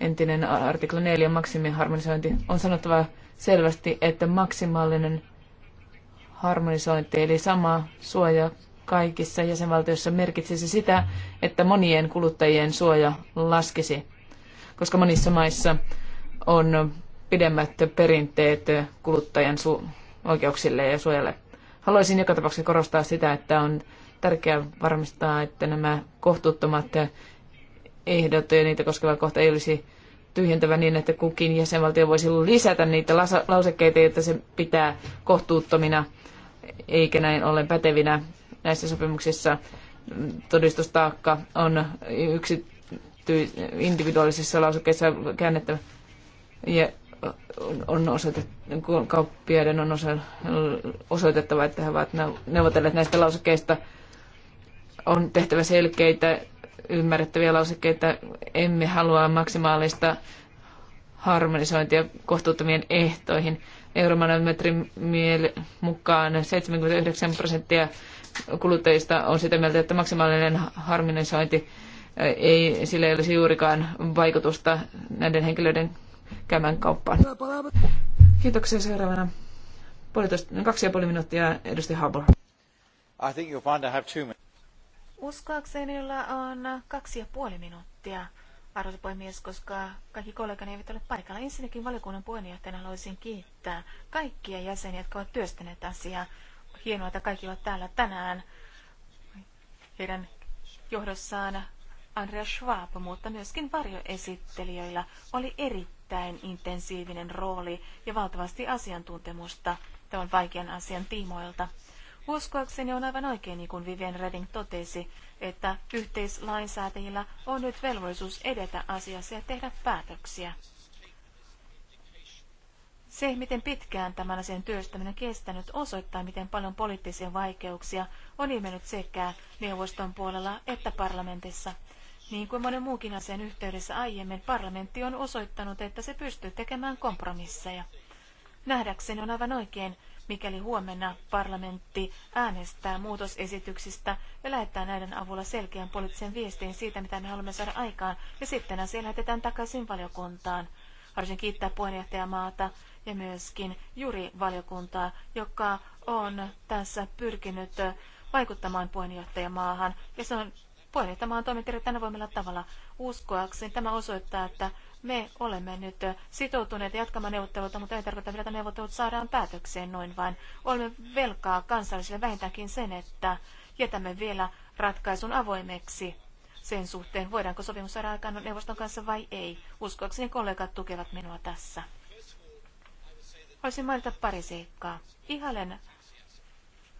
entinen artikla 4 maksimiharmonisointi, on sanottava selvästi, että maksimaalinen harmonisointi, eli sama suoja kaikissa jäsenvaltioissa merkitsisi sitä, että monien kuluttajien suoja laskisi, koska monissa maissa on pidemmät perinteet kuluttajan oikeuksille ja suojalle. Haluaisin joka tapauksessa korostaa sitä, että on tärkeää varmistaa, että nämä kohtuuttomat ehdottoja niitä koskeva kohta ei olisi tyhjentävä niin, että kukin jäsenvaltio voisi lisätä niitä lausekkeita, joita se pitää kohtuuttomina eikä näin ollen pätevinä näissä sopimuksissa. Todistustaakka on yksi individuaalisissa lausekkeissa käännettävä ja on osoitettu, kauppiaiden on osoitettava, että he ovat neuvotelleet näistä lausekkeista. On tehtävä selkeitä ymmärrettäviä lausekkeita. Emme halua maksimaalista harmonisointia kohtuuttomien ehtoihin. Euromanometrin mukaan 79 prosenttia kuluttajista on sitä mieltä, että maksimaalinen harmonisointi ei, sillä ei olisi juurikaan vaikutusta näiden henkilöiden käymään kauppaan. Kiitoksia seuraavana. Puolitoista, kaksi ja puoli minuuttia, edustaja Haber. I think you'll find I have two minutes. Uskoakseni on kaksi ja puoli minuuttia, arvoisa puhemies, koska kaikki kollegani eivät ole paikalla. Ensinnäkin valiokunnan puheenjohtajana haluaisin kiittää kaikkia jäseniä, jotka ovat työstäneet asiaa. Hienoa, että kaikki ovat täällä tänään. Heidän johdossaan Andreas Schwab, mutta myöskin varjoesittelijöillä oli erittäin intensiivinen rooli ja valtavasti asiantuntemusta tämän vaikean asian tiimoilta. Uskoakseni on aivan oikein, niin kuin Vivian Redding totesi, että yhteislainsäätäjillä on nyt velvollisuus edetä asiassa ja tehdä päätöksiä. Se, miten pitkään tämän asian työstäminen kestänyt, osoittaa, miten paljon poliittisia vaikeuksia on ilmennyt sekä neuvoston puolella että parlamentissa. Niin kuin monen muukin asian yhteydessä aiemmin, parlamentti on osoittanut, että se pystyy tekemään kompromisseja. Nähdäkseni on aivan oikein, mikäli huomenna parlamentti äänestää muutosesityksistä ja lähettää näiden avulla selkeän poliittisen viestin siitä, mitä me haluamme saada aikaan, ja sitten asia lähetetään takaisin valiokuntaan. Haluaisin kiittää puheenjohtajamaata ja myöskin Juri valiokuntaa, joka on tässä pyrkinyt vaikuttamaan puheenjohtajamaahan, ja se on Puheenjohtamaan toimenpiteet tänä voimalla tavalla uskoakseni. Tämä osoittaa, että me olemme nyt sitoutuneet jatkamaan neuvotteluita, mutta ei tarkoita, että neuvottelut saadaan päätökseen noin vain. Olemme velkaa kansallisille vähintäänkin sen, että jätämme vielä ratkaisun avoimeksi sen suhteen, voidaanko sopimus saada aikaan neuvoston kanssa vai ei. Uskoakseni kollegat tukevat minua tässä. Voisin mainita pari seikkaa. Ihailen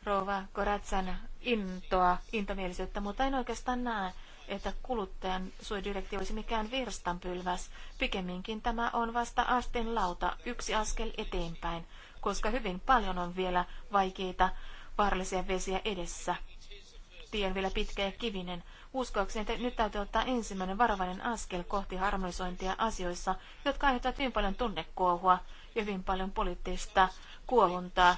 rouva Koratsan intoa, intomielisyyttä, mutta en oikeastaan näe, että kuluttajan suojadirektiivi olisi mikään virstanpylväs. Pikemminkin tämä on vasta asteen lauta, yksi askel eteenpäin, koska hyvin paljon on vielä vaikeita vaarallisia vesiä edessä. Tien vielä pitkä ja kivinen. Uskoakseni, että nyt täytyy ottaa ensimmäinen varovainen askel kohti harmonisointia asioissa, jotka aiheuttavat hyvin paljon tunnekuohua ja hyvin paljon poliittista kuohuntaa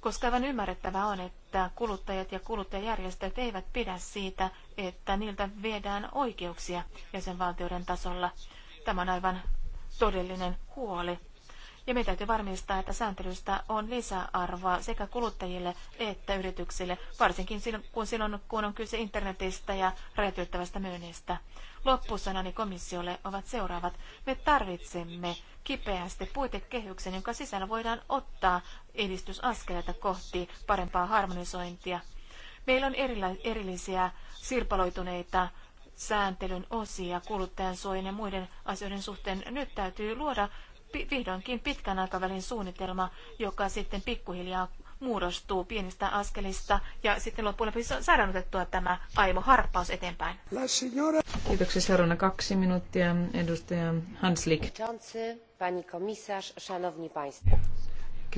koska aivan ymmärrettävää on, että kuluttajat ja kuluttajajärjestöt eivät pidä siitä, että niiltä viedään oikeuksia jäsenvaltioiden tasolla. Tämä on aivan todellinen huoli. Ja meidän täytyy varmistaa, että sääntelystä on lisäarvoa sekä kuluttajille että yrityksille, varsinkin silloin, kun, silloin, kun on kyse internetistä ja rajatyöttävästä myynnistä. Loppusanani komissiolle ovat seuraavat. Me tarvitsemme kipeästi puitekehyksen, jonka sisällä voidaan ottaa edistysaskeleita kohti parempaa harmonisointia. Meillä on erila- erillisiä sirpaloituneita sääntelyn osia kuluttajansuojan ja muiden asioiden suhteen. Nyt täytyy luoda vihdoinkin pitkän aikavälin suunnitelma, joka sitten pikkuhiljaa muodostuu pienistä askelista ja sitten loppujen lopuksi saadaan otettua tämä aimo harppaus eteenpäin. Kiitoksia. Seuraavana kaksi minuuttia edustaja Hanslik.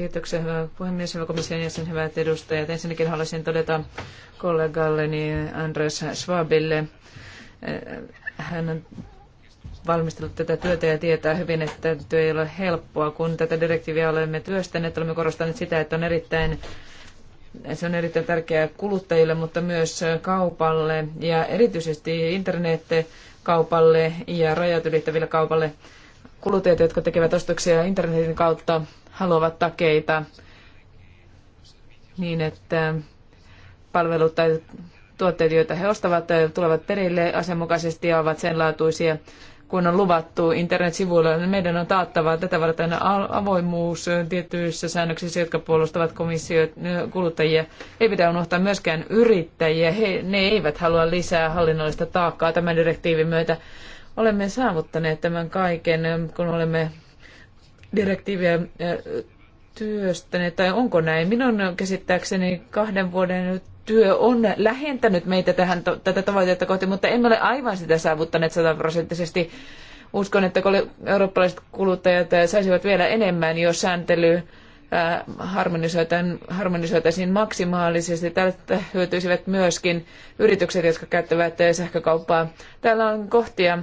Kiitoksia, hyvä puhemies, hyvä komission jäsen, hyvät edustajat. Ensinnäkin haluaisin todeta kollegalleni Andres Schwabille, eh, hän on valmistellut tätä työtä ja tietää hyvin, että työ ei ole helppoa. Kun tätä direktiiviä olemme työstäneet, olemme korostaneet sitä, että on erittäin se on erittäin tärkeää kuluttajille, mutta myös kaupalle ja erityisesti internetkaupalle ja rajat ylittäville kaupalle. Kuluttajat, jotka tekevät ostoksia internetin kautta, haluavat takeita niin, että palvelut tai tuotteet, joita he ostavat, tulevat perille asianmukaisesti ja ovat sen laatuisia, kuin on luvattu internetsivuilla. Niin meidän on taattava tätä varten avoimuus tietyissä säännöksissä, jotka puolustavat komissio kuluttajia. Ei pidä unohtaa myöskään yrittäjiä. He, ne eivät halua lisää hallinnollista taakkaa tämän direktiivin myötä. Olemme saavuttaneet tämän kaiken, kun olemme direktiiviä työstäneet, tai onko näin? Minun käsittääkseni kahden vuoden työ on lähentänyt meitä tähän, tätä tavoitetta kohti, mutta emme ole aivan sitä saavuttaneet sataprosenttisesti. Uskon, että eurooppalaiset kuluttajat saisivat vielä enemmän, jos sääntely äh, harmonisoitaisiin maksimaalisesti. Tältä hyötyisivät myöskin yritykset, jotka käyttävät äh, sähkökauppaa. Täällä on kohtia,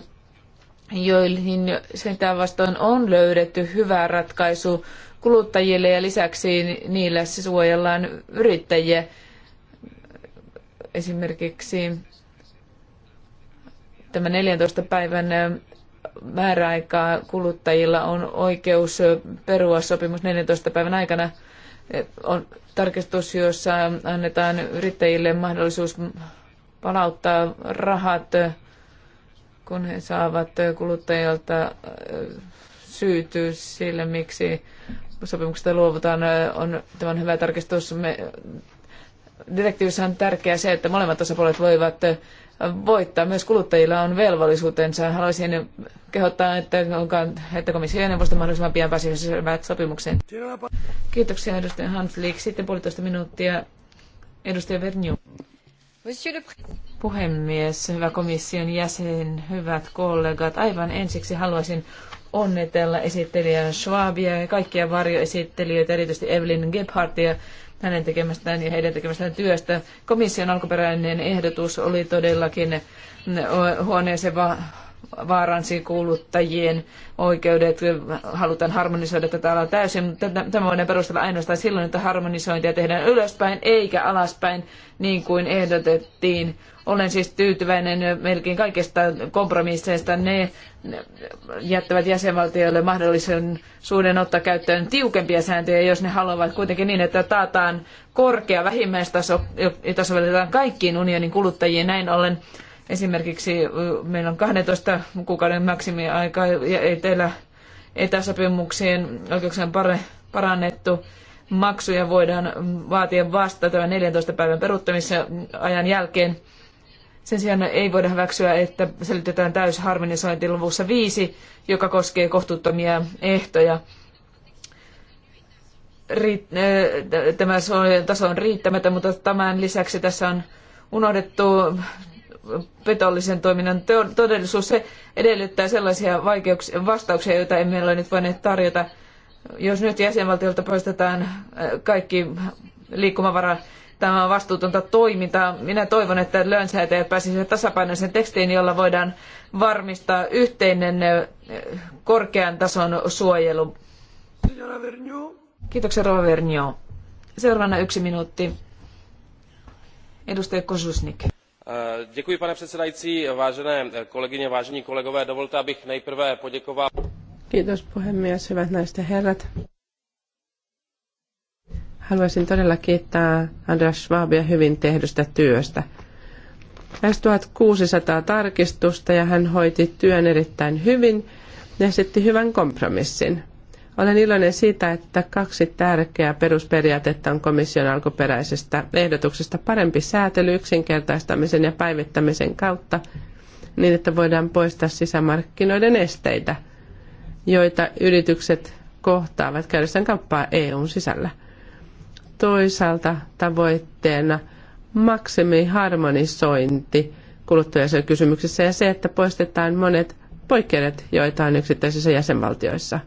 joihin sitä vastoin on löydetty hyvä ratkaisu, kuluttajille ja lisäksi niillä suojellaan yrittäjiä. Esimerkiksi tämä 14 päivän määräaikaa kuluttajilla on oikeus perua sopimus 14 päivän aikana. On tarkistus, jossa annetaan yrittäjille mahdollisuus palauttaa rahat, kun he saavat kuluttajilta syytyä sille, miksi sopimuksesta luovutaan, on, tämän hyvä tarkistus. Me, direktiivissä on tärkeää se, että molemmat osapuolet voivat voittaa. Myös kuluttajilla on velvollisuutensa. Haluaisin kehottaa, että, onkaan, että komissio ja neuvosto mahdollisimman pian pääsisivät sopimukseen. Kiitoksia edustaja Hanslik. Sitten puolitoista minuuttia edustaja Verniu. Puhemies, hyvä komission jäsen, hyvät kollegat. Aivan ensiksi haluaisin onnitella esittelijä Schwabia ja kaikkia varjoesittelijöitä, erityisesti Evelyn Gebhardtia hänen tekemästään ja heidän tekemästään työstä. Komission alkuperäinen ehdotus oli todellakin mm, huoneeseen va- vaaransi kuluttajien oikeudet. Halutaan harmonisoida tätä alaa täysin, mutta tämä voidaan perustella ainoastaan silloin, että harmonisointia tehdään ylöspäin eikä alaspäin, niin kuin ehdotettiin olen siis tyytyväinen melkein kaikista kompromisseista. Ne jättävät jäsenvaltioille mahdollisuuden ottaa käyttöön tiukempia sääntöjä, jos ne haluavat kuitenkin niin, että taataan korkea vähimmäistaso, jota sovelletaan kaikkiin unionin kuluttajiin. Näin ollen esimerkiksi meillä on 12 kuukauden maksimiaika ja ei teillä etäsopimuksien oikeuksien parannettu maksuja voidaan vaatia vasta tämän 14 päivän peruuttamisajan jälkeen. Sen sijaan ei voida hyväksyä, että selitetään täysharmonisointi luvussa viisi, joka koskee kohtuuttomia ehtoja. Äh, tämä taso on riittämätön, mutta tämän lisäksi tässä on unohdettu petollisen toiminnan todellisuus. Se edellyttää sellaisia vaikeuksia, vastauksia, joita emme ole nyt voineet tarjota. Jos nyt jäsenvaltiolta poistetaan äh, kaikki liikkumavara Tämä on vastuutonta toimintaa. Minä toivon, että lönsäätäjät pääsisi tasapainoisen tekstiin, jolla voidaan varmistaa yhteinen korkean tason suojelu. Kiitoksia, Rova Vernio. Seuraavana yksi minuutti. Edustaja Kosusnik. Eh, děkuji, pane předsedající, vážené kolegyně, vážení kolegové. Dovolte, abych nejprve poděkoval. Kiitos puhemies, hyvät naiset ja herrat. Haluaisin todella kiittää Andreas Schwabia hyvin tehdystä työstä. Lähes 1600 tarkistusta ja hän hoiti työn erittäin hyvin ja esitti hyvän kompromissin. Olen iloinen siitä, että kaksi tärkeää perusperiaatetta on komission alkuperäisestä ehdotuksesta parempi säätely yksinkertaistamisen ja päivittämisen kautta niin, että voidaan poistaa sisämarkkinoiden esteitä, joita yritykset kohtaavat käydessään kauppaa EUn sisällä – toisaalta tavoitteena maksimiharmonisointi kuluttajaisen kysymyksissä ja se, että poistetaan monet poikkeudet, joita on yksittäisissä jäsenvaltioissa.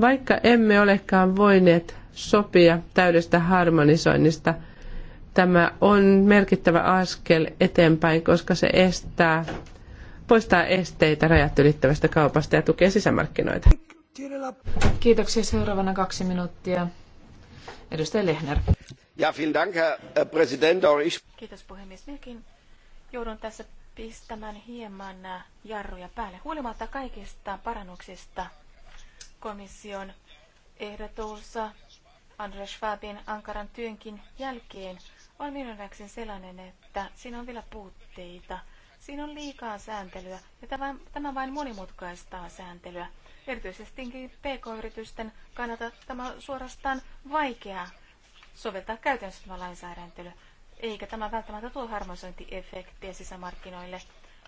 Vaikka emme olekaan voineet sopia täydestä harmonisoinnista, tämä on merkittävä askel eteenpäin, koska se estää, poistaa esteitä rajat ylittävästä kaupasta ja tukee sisämarkkinoita. Kiitoksia. Seuraavana kaksi minuuttia. Edustaja Ja, Kiitos puhemies. Minäkin joudun tässä pistämään hieman äh, jarruja päälle. Huolimatta kaikista parannuksista komission ehdotus äh, Andreas Schwabin ankaran työnkin jälkeen on minun nähdäkseni sellainen, että siinä on vielä puutteita. Siinä on liikaa sääntelyä ja tämä vain monimutkaistaa sääntelyä. Erityisesti PK-yritysten kannalta tämä on suorastaan vaikeaa soveltaa käytännössä tämä lainsäädäntö, eikä tämä välttämättä tuo harmonisointiefektiä sisämarkkinoille,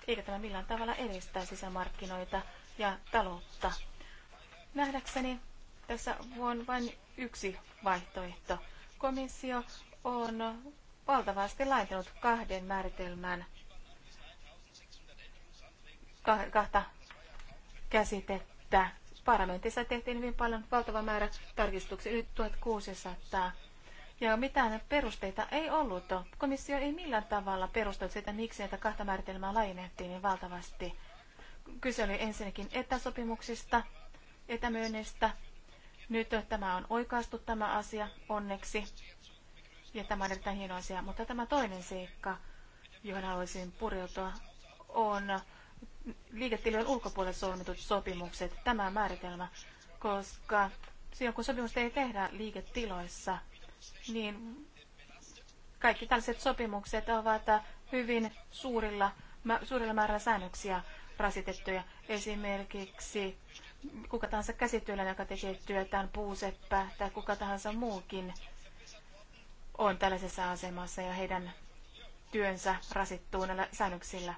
eikä tämä millään tavalla edistää sisämarkkinoita ja taloutta. Nähdäkseni tässä on vain yksi vaihtoehto. Komissio on valtavasti laitanut kahden määritelmän kahta käsitettä että parlamentissa tehtiin hyvin paljon valtava määrä tarkistuksia, yli 1600. Ja mitään perusteita ei ollut. Komissio ei millään tavalla perustellut sitä, miksi näitä kahta määritelmää laajennettiin niin valtavasti. Kyse oli ensinnäkin etäsopimuksista, etämyynnistä. Nyt tämä on oikaistu tämä asia, onneksi. Ja tämä on erittäin hieno asia. Mutta tämä toinen seikka, johon haluaisin pureutua, on liiketilojen ulkopuolelle solmitut sopimukset, tämä määritelmä, koska silloin kun sopimusta ei tehdä liiketiloissa, niin kaikki tällaiset sopimukset ovat hyvin suurilla, suurilla määrällä säännöksiä rasitettuja. Esimerkiksi kuka tahansa käsityöläinen, joka tekee työtään puuseppä tai kuka tahansa muukin on tällaisessa asemassa ja heidän työnsä rasittuu näillä säännöksillä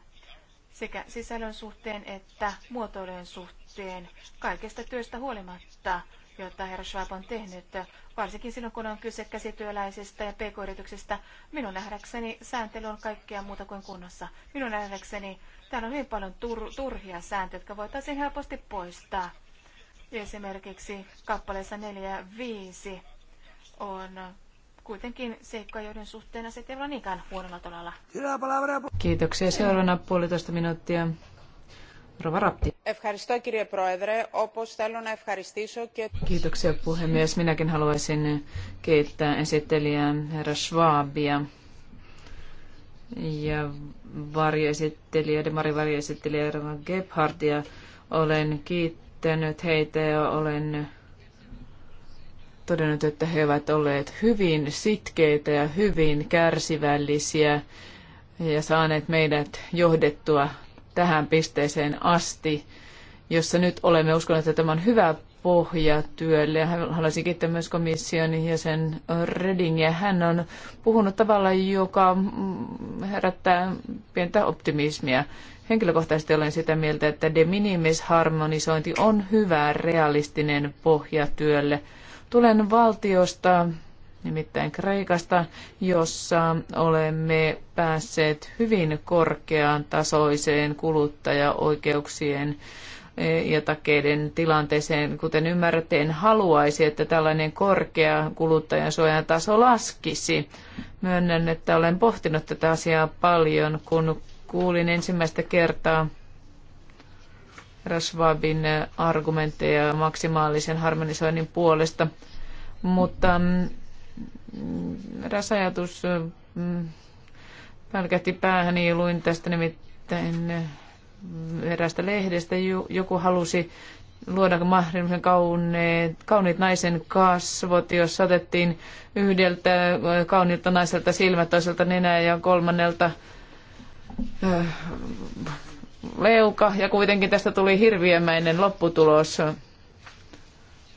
sekä sisällön suhteen että muotoilujen suhteen kaikesta työstä huolimatta, jota herra Schwab on tehnyt, varsinkin silloin kun on kyse käsityöläisistä ja pk-yrityksistä. Minun nähdäkseni sääntely on kaikkea muuta kuin kunnossa. Minun nähdäkseni täällä on hyvin paljon tur- turhia sääntöjä, jotka voitaisiin helposti poistaa. Esimerkiksi kappaleessa 4 ja 5 on kuitenkin seikkoja, joiden suhteen asiat eivät ole niinkään huonolla tolalla. Kiitoksia. Seuraavana puolitoista minuuttia. Kiitoksia puhemies. Minäkin haluaisin kiittää esittelijää herra Schwabia ja varjoesittelijä, Demari varjoesittelijä herra Gebhardia. Olen kiittänyt heitä ja olen todennut, että he ovat olleet hyvin sitkeitä ja hyvin kärsivällisiä ja saaneet meidät johdettua tähän pisteeseen asti, jossa nyt olemme uskoneet, että tämä on hyvä pohja työlle. Haluaisin kiittää myös komission jäsen Redingiä. Hän on puhunut tavalla, joka herättää pientä optimismia. Henkilökohtaisesti olen sitä mieltä, että de minimis harmonisointi on hyvä realistinen pohja työlle Tulen valtiosta, nimittäin Kreikasta, jossa olemme päässeet hyvin korkean tasoiseen kuluttajaoikeuksien e, ja takeiden tilanteeseen. Kuten ymmärrätte, en haluaisi, että tällainen korkea kuluttajansuojan taso laskisi. Myönnän, että olen pohtinut tätä asiaa paljon, kun kuulin ensimmäistä kertaa – Rasvabin argumentteja maksimaalisen harmonisoinnin puolesta. Mutta mm, eräs ajatus mm, pälkähti päähäni ja luin tästä nimittäin mm, erästä lehdestä. Joku halusi luoda mahdollisimman kauneet, kauniit naisen kasvot, jos otettiin yhdeltä äh, kauniilta naiselta silmät, toiselta nenää ja kolmannelta äh, leuka ja kuitenkin tästä tuli hirviömäinen lopputulos.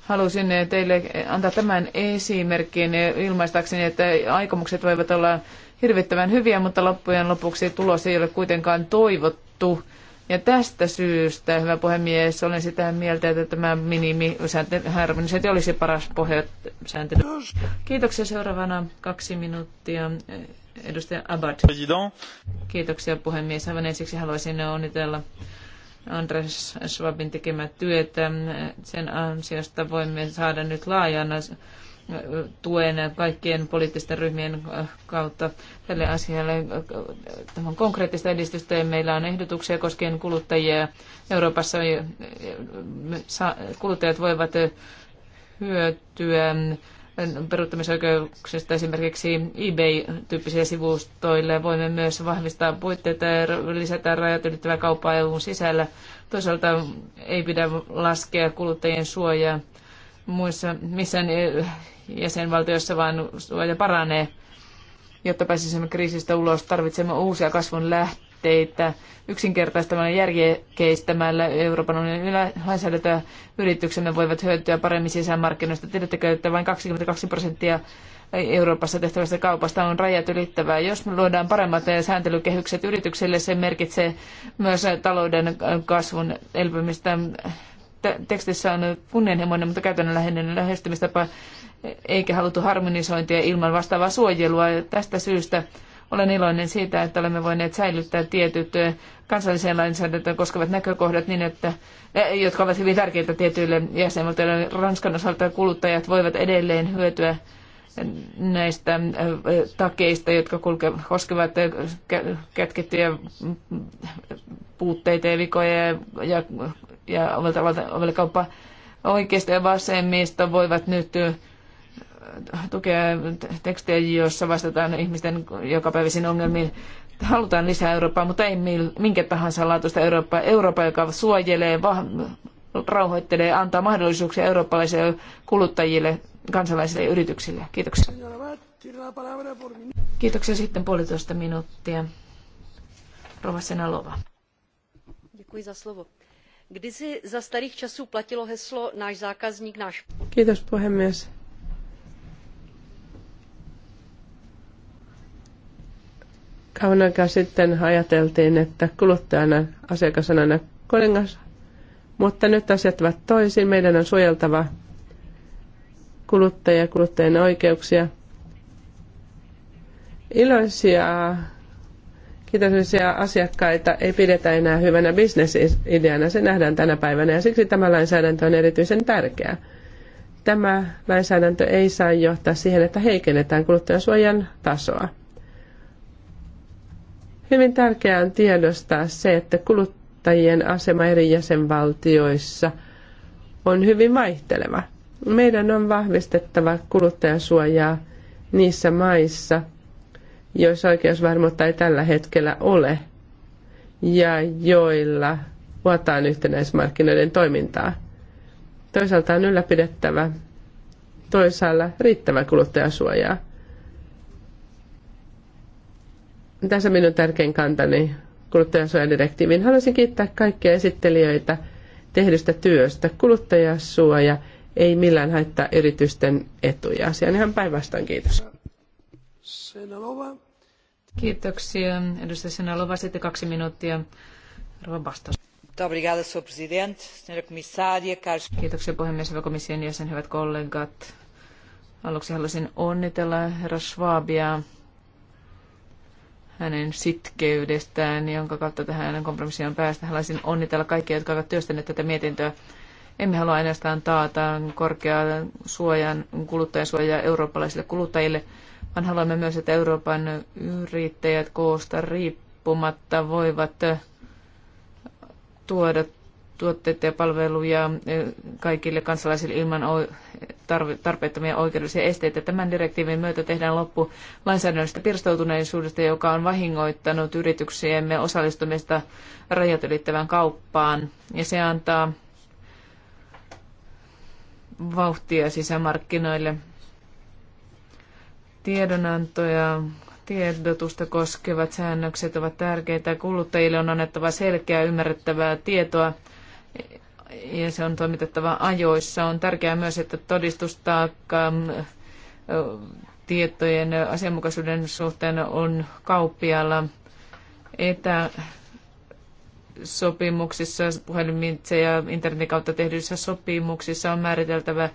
Halusin teille antaa tämän esimerkin ilmaistakseni, että aikomukset voivat olla hirvittävän hyviä, mutta loppujen lopuksi tulos ei ole kuitenkaan toivottu ja tästä syystä, hyvä puhemies, olen sitä mieltä, että tämä minimi, minimiharmonisointi olisi paras pohjasääntö. Kiitoksia seuraavana kaksi minuuttia. Edustaja Abad. Kiitoksia puhemies. Aivan ensiksi haluaisin onnitella Andres Schwabin tekemää työtä. Sen ansiosta voimme saada nyt laajan tuen kaikkien poliittisten ryhmien äh, kautta tälle asialle. Tämä on konkreettista edistystä ja meillä on ehdotuksia koskien kuluttajia. Euroopassa äh, kuluttajat voivat äh, hyötyä peruuttamisoikeuksista esimerkiksi ebay tyyppisiä sivustoille. Voimme myös vahvistaa puitteita ja lisätä rajat ylittävää kauppaa EUn sisällä. Toisaalta ei pidä laskea kuluttajien suojaa muissa missään eh, jäsenvaltioissa, vaan suoja paranee. Jotta pääsisimme kriisistä ulos, tarvitsemme uusia kasvun lähteitä. Yksinkertaistamalla järkeistämällä Euroopan unionin lainsäädäntöä yrityksemme voivat hyötyä paremmin sisämarkkinoista. Tiedättekö, että vain 22 prosenttia Euroopassa tehtävästä kaupasta on rajat ylittävää. Jos me luodaan paremmat sääntelykehykset yrityksille, se merkitsee myös talouden kasvun elpymistä tekstissä on kunnianhimoinen, mutta käytännönläheinen lähestymistapa, eikä haluttu harmonisointia ilman vastaavaa suojelua. Tästä syystä olen iloinen siitä, että olemme voineet säilyttää tietyt eh, kansalliseen lainsäädäntöön koskevat näkökohdat niin, että, eh, jotka ovat hyvin tärkeitä tietyille jäsenvaltioille. Ranskan osalta kuluttajat voivat edelleen hyötyä näistä eh, takeista, jotka koskevat kätkettyjä mm, puutteita ja vikoja ja, ja, ja ovelkauppa oikeista ja vasemmista voivat nyt tukea tekstejä, joissa vastataan ihmisten jokapäiväisiin ongelmiin. Halutaan lisää Eurooppaa, mutta ei minkä tahansa laatuista Eurooppaa. Eurooppa, joka suojelee, rauhoittelee, antaa mahdollisuuksia eurooppalaisille kuluttajille, kansalaisille ja yrityksille. Kiitoksia. Kiitoksia sitten puolitoista minuuttia. Rova Senalova. Kdysi za starých časů platilo heslo náš zákazník, náš... Kiitos puhemies. Kauan aikaa sitten ajateltiin, että kuluttajana, asiakas on aina kuningas, mutta nyt asiat ovat toisin. Meidän on suojeltava kuluttajia, ja kuluttajien oikeuksia. Iloisia kiitollisia asiakkaita ei pidetä enää hyvänä bisnesideana. Se nähdään tänä päivänä ja siksi tämä lainsäädäntö on erityisen tärkeää. Tämä lainsäädäntö ei saa johtaa siihen, että heikennetään kuluttajansuojan tasoa. Hyvin tärkeää on tiedostaa se, että kuluttajien asema eri jäsenvaltioissa on hyvin vaihteleva. Meidän on vahvistettava kuluttajansuojaa niissä maissa – joissa oikeusvarmuutta ei tällä hetkellä ole ja joilla luotaan yhtenäismarkkinoiden toimintaa. Toisaalta on ylläpidettävä, toisaalla riittävä kuluttajasuojaa. Tässä minun tärkein kantani kuluttajasuojadirektiiviin. Haluaisin kiittää kaikkia esittelijöitä tehdystä työstä. Kuluttajasuoja ei millään haittaa yritysten etuja. on ihan päinvastoin kiitos. Kiitoksia. Edustaja Senalova, sitten kaksi minuuttia. Arvon vastaus. Kiitoksia puhemies, hyvä komission jäsen, hyvät kollegat. Aluksi haluaisin onnitella herra Schwabia hänen sitkeydestään, jonka kautta tähän kompromissiin on päästä. Haluaisin onnitella kaikkia, jotka ovat työstäneet tätä mietintöä. Emme halua ainoastaan taata korkeaa suojan, kuluttajansuojaa eurooppalaisille kuluttajille, vaan haluamme myös, että Euroopan yrittäjät koosta riippumatta voivat tuoda tuotteita ja palveluja kaikille kansalaisille ilman tarpeettomia oikeudellisia esteitä. Tämän direktiivin myötä tehdään loppu lainsäädännöstä pirstoutuneisuudesta, joka on vahingoittanut yrityksiemme osallistumista rajat ylittävään kauppaan. Ja se antaa vauhtia sisämarkkinoille. Tiedonantoja tiedotusta koskevat säännökset ovat tärkeitä. Kuluttajille on annettava selkeää ymmärrettävää tietoa ja se on toimitettava ajoissa. On tärkeää myös, että todistustaakka tietojen asianmukaisuuden suhteen on kauppialla etäsopimuksissa, puhelimitse ja internetin kautta tehdyissä sopimuksissa on määriteltävä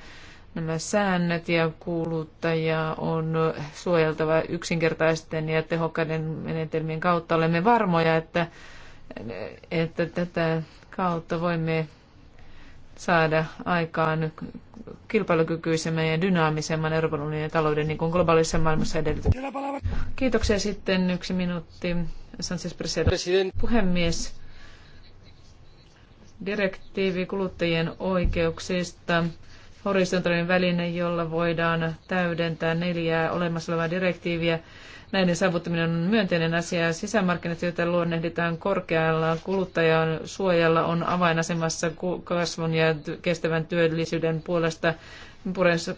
nämä säännöt ja kuluttajaa on suojeltava yksinkertaisten ja tehokkaiden menetelmien kautta. Olemme varmoja, että, että tätä kautta voimme saada aikaan kilpailukykyisemmän ja dynaamisemman Euroopan unionin talouden, niin kuin globaalissa maailmassa edellytetään. Kiitoksia sitten yksi minuutti. Sanchez President. Puhemies, direktiivi kuluttajien oikeuksista horisontaalinen väline, jolla voidaan täydentää neljää olemassa olevaa direktiiviä. Näiden saavuttaminen on myönteinen asia. Sisämarkkinat, joita luonnehditaan korkealla kuluttajan suojalla, on avainasemassa kasvun ja kestävän työllisyyden puolesta.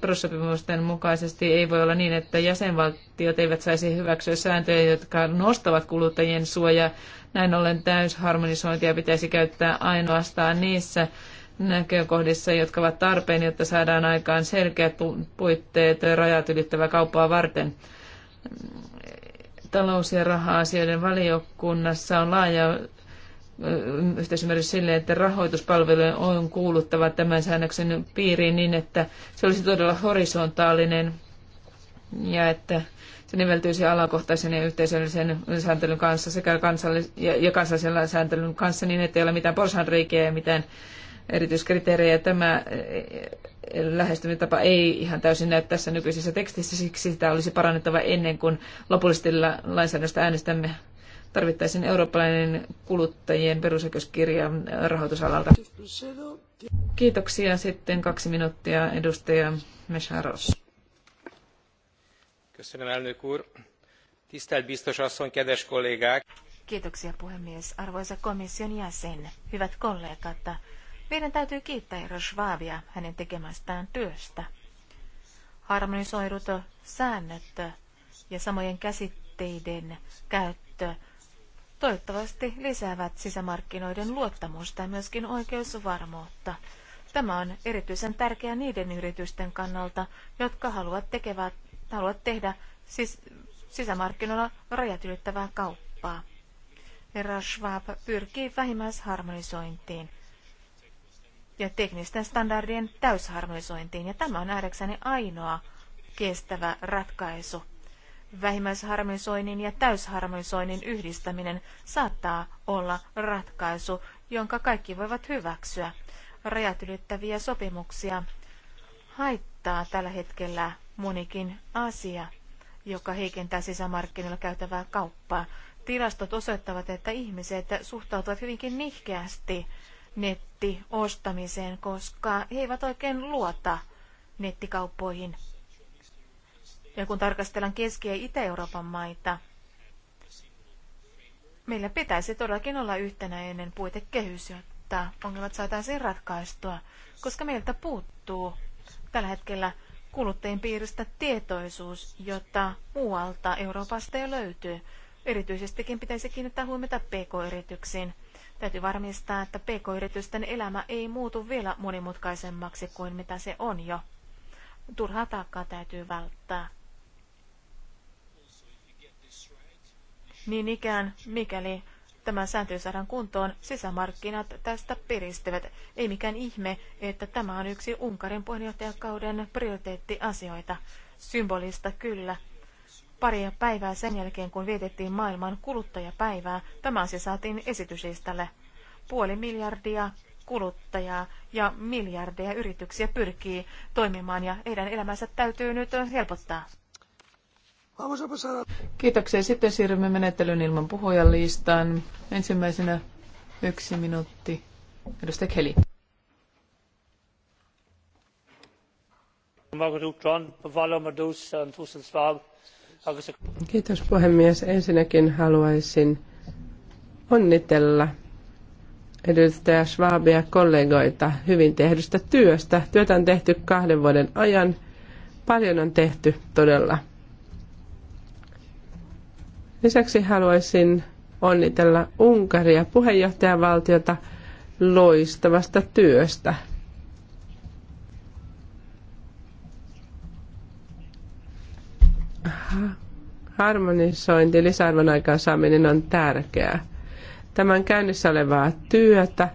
Perussopimusten mukaisesti ei voi olla niin, että jäsenvaltiot eivät saisi hyväksyä sääntöjä, jotka nostavat kuluttajien suojaa. Näin ollen täysharmonisointia pitäisi käyttää ainoastaan niissä näkökohdissa, jotka ovat tarpeen, jotta saadaan aikaan selkeät puitteet rajat ylittävää kauppaa varten. Talous- ja raha-asioiden valiokunnassa on laaja yhteisymmärrys sille, että rahoituspalvelujen on kuuluttava tämän säännöksen piiriin niin, että se olisi todella horisontaalinen ja että se niveltyisi alakohtaisen ja yhteisöllisen sääntelyn kanssa sekä kansallis- ja, ja kansallisella sääntelyn kanssa niin, että ei ole mitään porsanreikiä ja mitään erityiskriteerejä. Tämä eh, lähestymistapa ei ihan täysin näy tässä nykyisessä tekstissä, siksi sitä olisi parannettava ennen kuin lopullisesti lainsäädännöstä äänestämme. Tarvittaisiin eurooppalainen kuluttajien perusoikeuskirja rahoitusalalta. Kiitoksia. Sitten kaksi minuuttia edustaja Mesharos. Köszönöm, Kiitoksia puhemies, arvoisa komission jäsen, hyvät kollegat. Meidän täytyy kiittää Eero Schwabia hänen tekemästään työstä. Harmonisoidut säännöt ja samojen käsitteiden käyttö toivottavasti lisäävät sisämarkkinoiden luottamusta ja myöskin oikeusvarmuutta. Tämä on erityisen tärkeää niiden yritysten kannalta, jotka haluavat, tekevät, haluavat tehdä sis- sisämarkkinoilla rajat ylittävää kauppaa. Herra Schwab pyrkii vähimmäisharmonisointiin ja teknisten standardien täysharmonisointiin. Ja tämä on nähdäkseni ainoa kestävä ratkaisu. Vähimmäisharmonisoinnin ja täysharmonisoinnin yhdistäminen saattaa olla ratkaisu, jonka kaikki voivat hyväksyä. Rajat ylittäviä sopimuksia haittaa tällä hetkellä monikin asia, joka heikentää sisämarkkinoilla käytävää kauppaa. Tilastot osoittavat, että ihmiset suhtautuvat hyvinkin nihkeästi nettiostamiseen, koska he eivät oikein luota nettikauppoihin. Ja kun tarkastellaan Keski- ja Itä-Euroopan maita, meillä pitäisi todellakin olla yhtenäinen puitekehys, jotta ongelmat saataisiin ratkaistua, koska meiltä puuttuu tällä hetkellä kuluttajien piiristä tietoisuus, jota muualta Euroopasta jo löytyy. Erityisestikin pitäisi kiinnittää huomiota pk-yrityksiin – Täytyy varmistaa, että pk-yritysten elämä ei muutu vielä monimutkaisemmaksi kuin mitä se on jo. Turhaa taakkaa täytyy välttää. Niin ikään, mikäli tämä sääntö saadaan kuntoon, sisämarkkinat tästä piristyvät. Ei mikään ihme, että tämä on yksi Unkarin puheenjohtajakauden prioriteettiasioita. Symbolista kyllä, pari päivää sen jälkeen, kun vietettiin maailman kuluttajapäivää, tämä asia saatiin esityslistalle. Puoli miljardia kuluttajaa ja miljardeja yrityksiä pyrkii toimimaan ja heidän elämänsä täytyy nyt helpottaa. Kiitoksia. Sitten siirrymme menettelyyn ilman listaan. Ensimmäisenä yksi minuutti. Edustaja Kelly. Margaret Utron, Tusen Kiitos puhemies. Ensinnäkin haluaisin onnitella edustaja Schwabia kollegoita hyvin tehdystä työstä. Työtä on tehty kahden vuoden ajan. Paljon on tehty todella. Lisäksi haluaisin onnitella Unkaria puheenjohtajavaltiota loistavasta työstä. harmonisointi, lisäarvon saaminen on tärkeää. Tämän käynnissä olevaa työtä,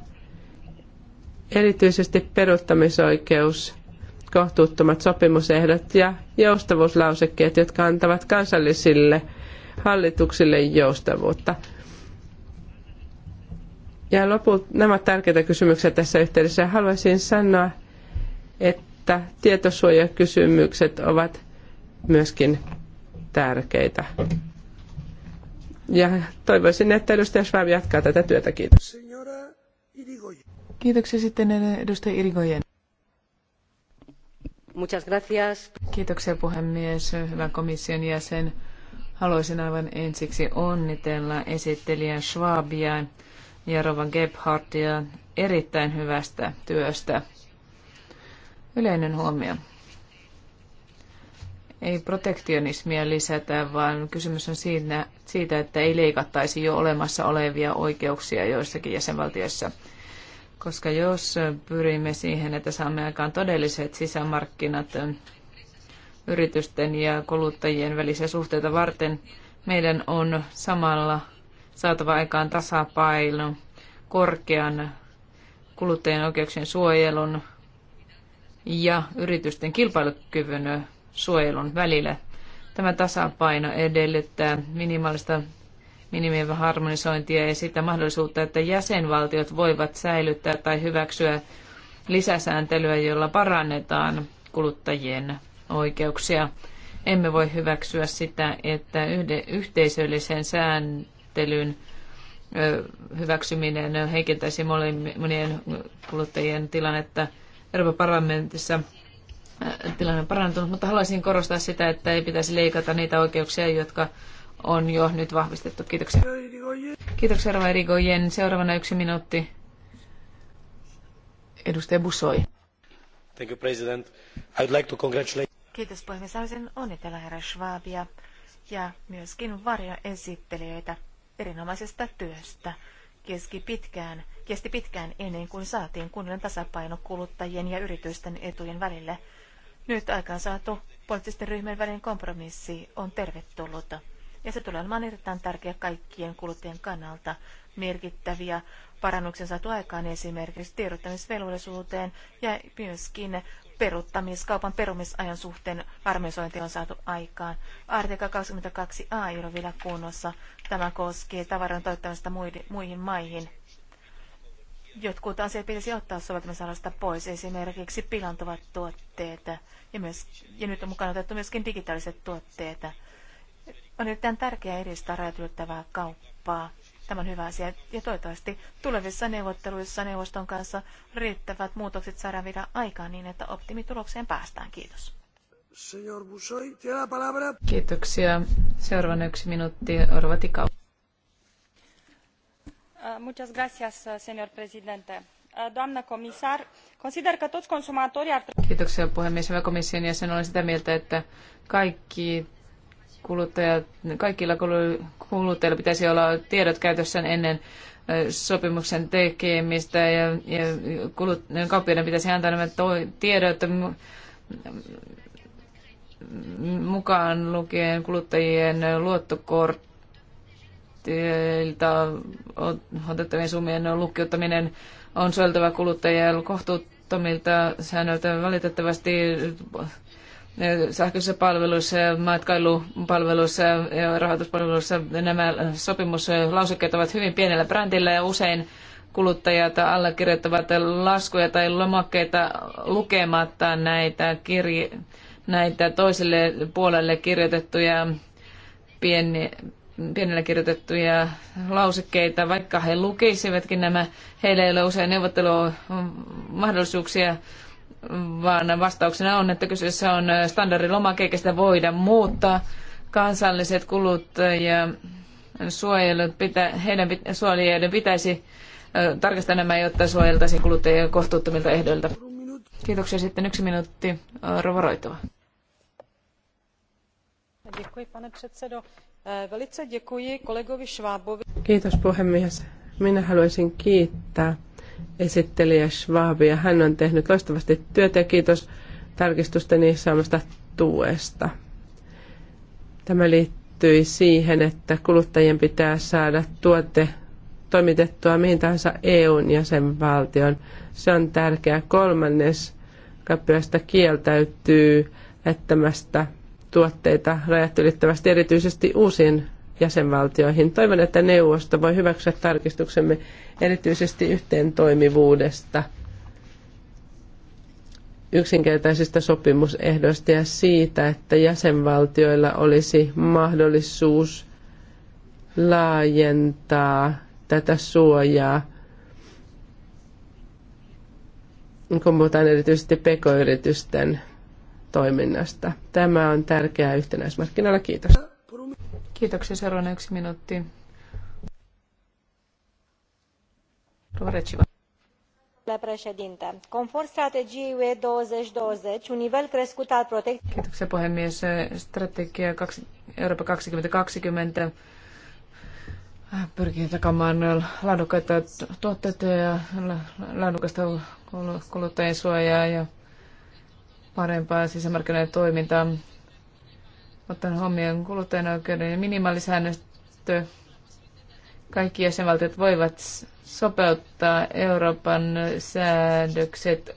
erityisesti peruuttamisoikeus, kohtuuttomat sopimusehdot ja joustavuuslausekkeet, jotka antavat kansallisille hallituksille joustavuutta. Ja lopulta nämä ovat tärkeitä kysymyksiä tässä yhteydessä. Haluaisin sanoa, että tietosuojakysymykset ovat myöskin tärkeitä. Ja toivoisin, että edustaja Schwab jatkaa tätä työtä. Kiitos. Kiitoksia sitten edustaja Irigoyen. Muchas gracias. Kiitoksia puhemies, hyvä komission jäsen. Haluaisin aivan ensiksi onnitella esittelijä Schwabia ja Rovan Gebhardtia erittäin hyvästä työstä. Yleinen huomio ei protektionismia lisätä, vaan kysymys on siinä, siitä, että ei leikattaisi jo olemassa olevia oikeuksia joissakin jäsenvaltioissa. Koska jos pyrimme siihen, että saamme aikaan todelliset sisämarkkinat yritysten ja kuluttajien välisiä suhteita varten, meidän on samalla saatava aikaan tasapaino korkean kuluttajien oikeuksien suojelun ja yritysten kilpailukyvyn suojelun välillä. Tämä tasapaino edellyttää minimaalista minimien harmonisointia ja sitä mahdollisuutta, että jäsenvaltiot voivat säilyttää tai hyväksyä lisäsääntelyä, jolla parannetaan kuluttajien oikeuksia. Emme voi hyväksyä sitä, että yhde, yhteisöllisen sääntelyn hyväksyminen heikentäisi monien kuluttajien tilannetta. Euroopan parlamentissa Äh, tilanne on parantunut, mutta haluaisin korostaa sitä, että ei pitäisi leikata niitä oikeuksia, jotka on jo nyt vahvistettu. Kiitoksia. Kiitoksia, Rova Erigoyen. Seuraavana yksi minuutti. Edustaja Busoi. Thank you, President. I would like to congratulate... Kiitos puhemies. Haluaisin onnitella herra Schwabia ja myöskin esittelijöitä erinomaisesta työstä. Keski pitkään, kesti pitkään ennen kuin saatiin kunnon tasapaino kuluttajien ja yritysten etujen välille. Nyt aikaan saatu poliittisten ryhmien välinen kompromissi on tervetullut. Ja se tulee olemaan erittäin tärkeä kaikkien kuluttajien kannalta. Merkittäviä parannuksia saatu aikaan esimerkiksi tiedottamisvelvollisuuteen ja myöskin kaupan perumisajan suhteen harmonisointi on saatu aikaan. Artikla 22a ei ole vielä kunnossa. Tämä koskee tavaran toittamista muihin maihin Jotkut asiat pitäisi ottaa soveltamisalasta pois, esimerkiksi pilantuvat tuotteet ja, myös, ja nyt on mukaan otettu myöskin digitaaliset tuotteet. On erittäin tärkeää edistää rajatyöttävää kauppaa. Tämä on hyvä asia ja toivottavasti tulevissa neuvotteluissa neuvoston kanssa riittävät muutokset saadaan vielä aikaan niin, että optimitulokseen päästään. Kiitos. Kiitoksia. Seuraavana yksi minuutti. Orva Tikau. Uh, uh, uh, consider că toți consumatorii ar trebui... Kiitoksia puhemies. Hyvä komission jäsen. Olen sitä mieltä, että kaikki kuluttajat, kaikilla kuluttajilla pitäisi olla tiedot käytössään ennen sopimuksen tekemistä ja, ja kulut, kauppiaiden pitäisi antaa nämä tiedot mukaan lukien kuluttajien luottokortti yhtiöiltä otettavien summien lukkiuttaminen on soiltava kuluttajia kohtuuttomilta säännöiltä. Valitettavasti sähköisissä palveluissa matkailupalveluissa ja rahoituspalveluissa nämä sopimuslausekkeet ovat hyvin pienellä brändillä ja usein kuluttajat allekirjoittavat laskuja tai lomakkeita lukematta näitä, kirje, näitä toiselle puolelle kirjoitettuja pieni, pienellä kirjoitettuja lausekkeita, vaikka he lukisivatkin nämä, heillä ei ole usein neuvottelumahdollisuuksia, vaan vastauksena on, että kyseessä on standardilomake, eikä sitä voida muuttaa. Kansalliset kulut ja suojelut pitä, heidän suojelijoiden pitäisi tarkastaa nämä, jotta suojeltaisiin kuluttajia kohtuuttomilta ehdoilta. Kiitoksia. Sitten yksi minuutti. Rovo Děkuji, pane předsedo. Eh, velice děkuji kollegovi Schwabovi. Kiitos puhemies. Minä haluaisin kiittää esittelijä Schwabia. Hän on tehnyt loistavasti työtä ja kiitos tarkistusteni saamasta tuesta. Tämä liittyy siihen, että kuluttajien pitää saada tuote toimitettua mihin tahansa EUn jäsenvaltion. Se on tärkeää. Kolmannes kappiosta kieltäytyy jättämästä tuotteita rajat ylittävästi erityisesti uusiin jäsenvaltioihin. Toivon, että neuvosto voi hyväksyä tarkistuksemme erityisesti yhteen toimivuudesta, yksinkertaisista sopimusehdoista ja siitä, että jäsenvaltioilla olisi mahdollisuus laajentaa tätä suojaa, kun puhutaan erityisesti pekoyritysten yritysten toiminnasta. Tämä on tärkeää yhtenäismarkkinoilla. Kiitos. Kiitoksia. Seuraavana yksi minuutti. Kiitoksia puhemies. Strategia Euroopan Eurooppa 2020 pyrkii takamaan laadukkaita tuotteita ja laadukasta kuluttajien suojaa ja parempaa sisämarkkinoiden toimintaa. Ottaen huomioon kuluttajan oikeuden ja minimaalisäännöstö, kaikki jäsenvaltiot voivat sopeuttaa Euroopan säädökset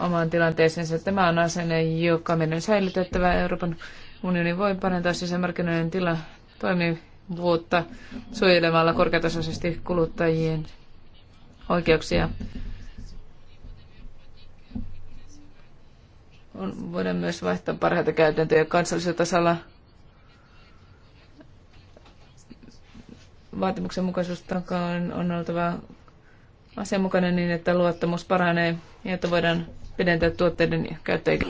omaan tilanteeseensa. Tämä on asenne, joka meidän on säilytettävä. Euroopan unioni voi parantaa sisämarkkinoiden tila toimivuutta suojelemalla korkeatasoisesti kuluttajien oikeuksia. on, voidaan myös vaihtaa parhaita käytäntöjä kansallisella tasolla. Vaatimuksen mukaisuustakaan on oltava asianmukainen niin, että luottamus paranee ja että voidaan pidentää tuotteiden käyttäjiä.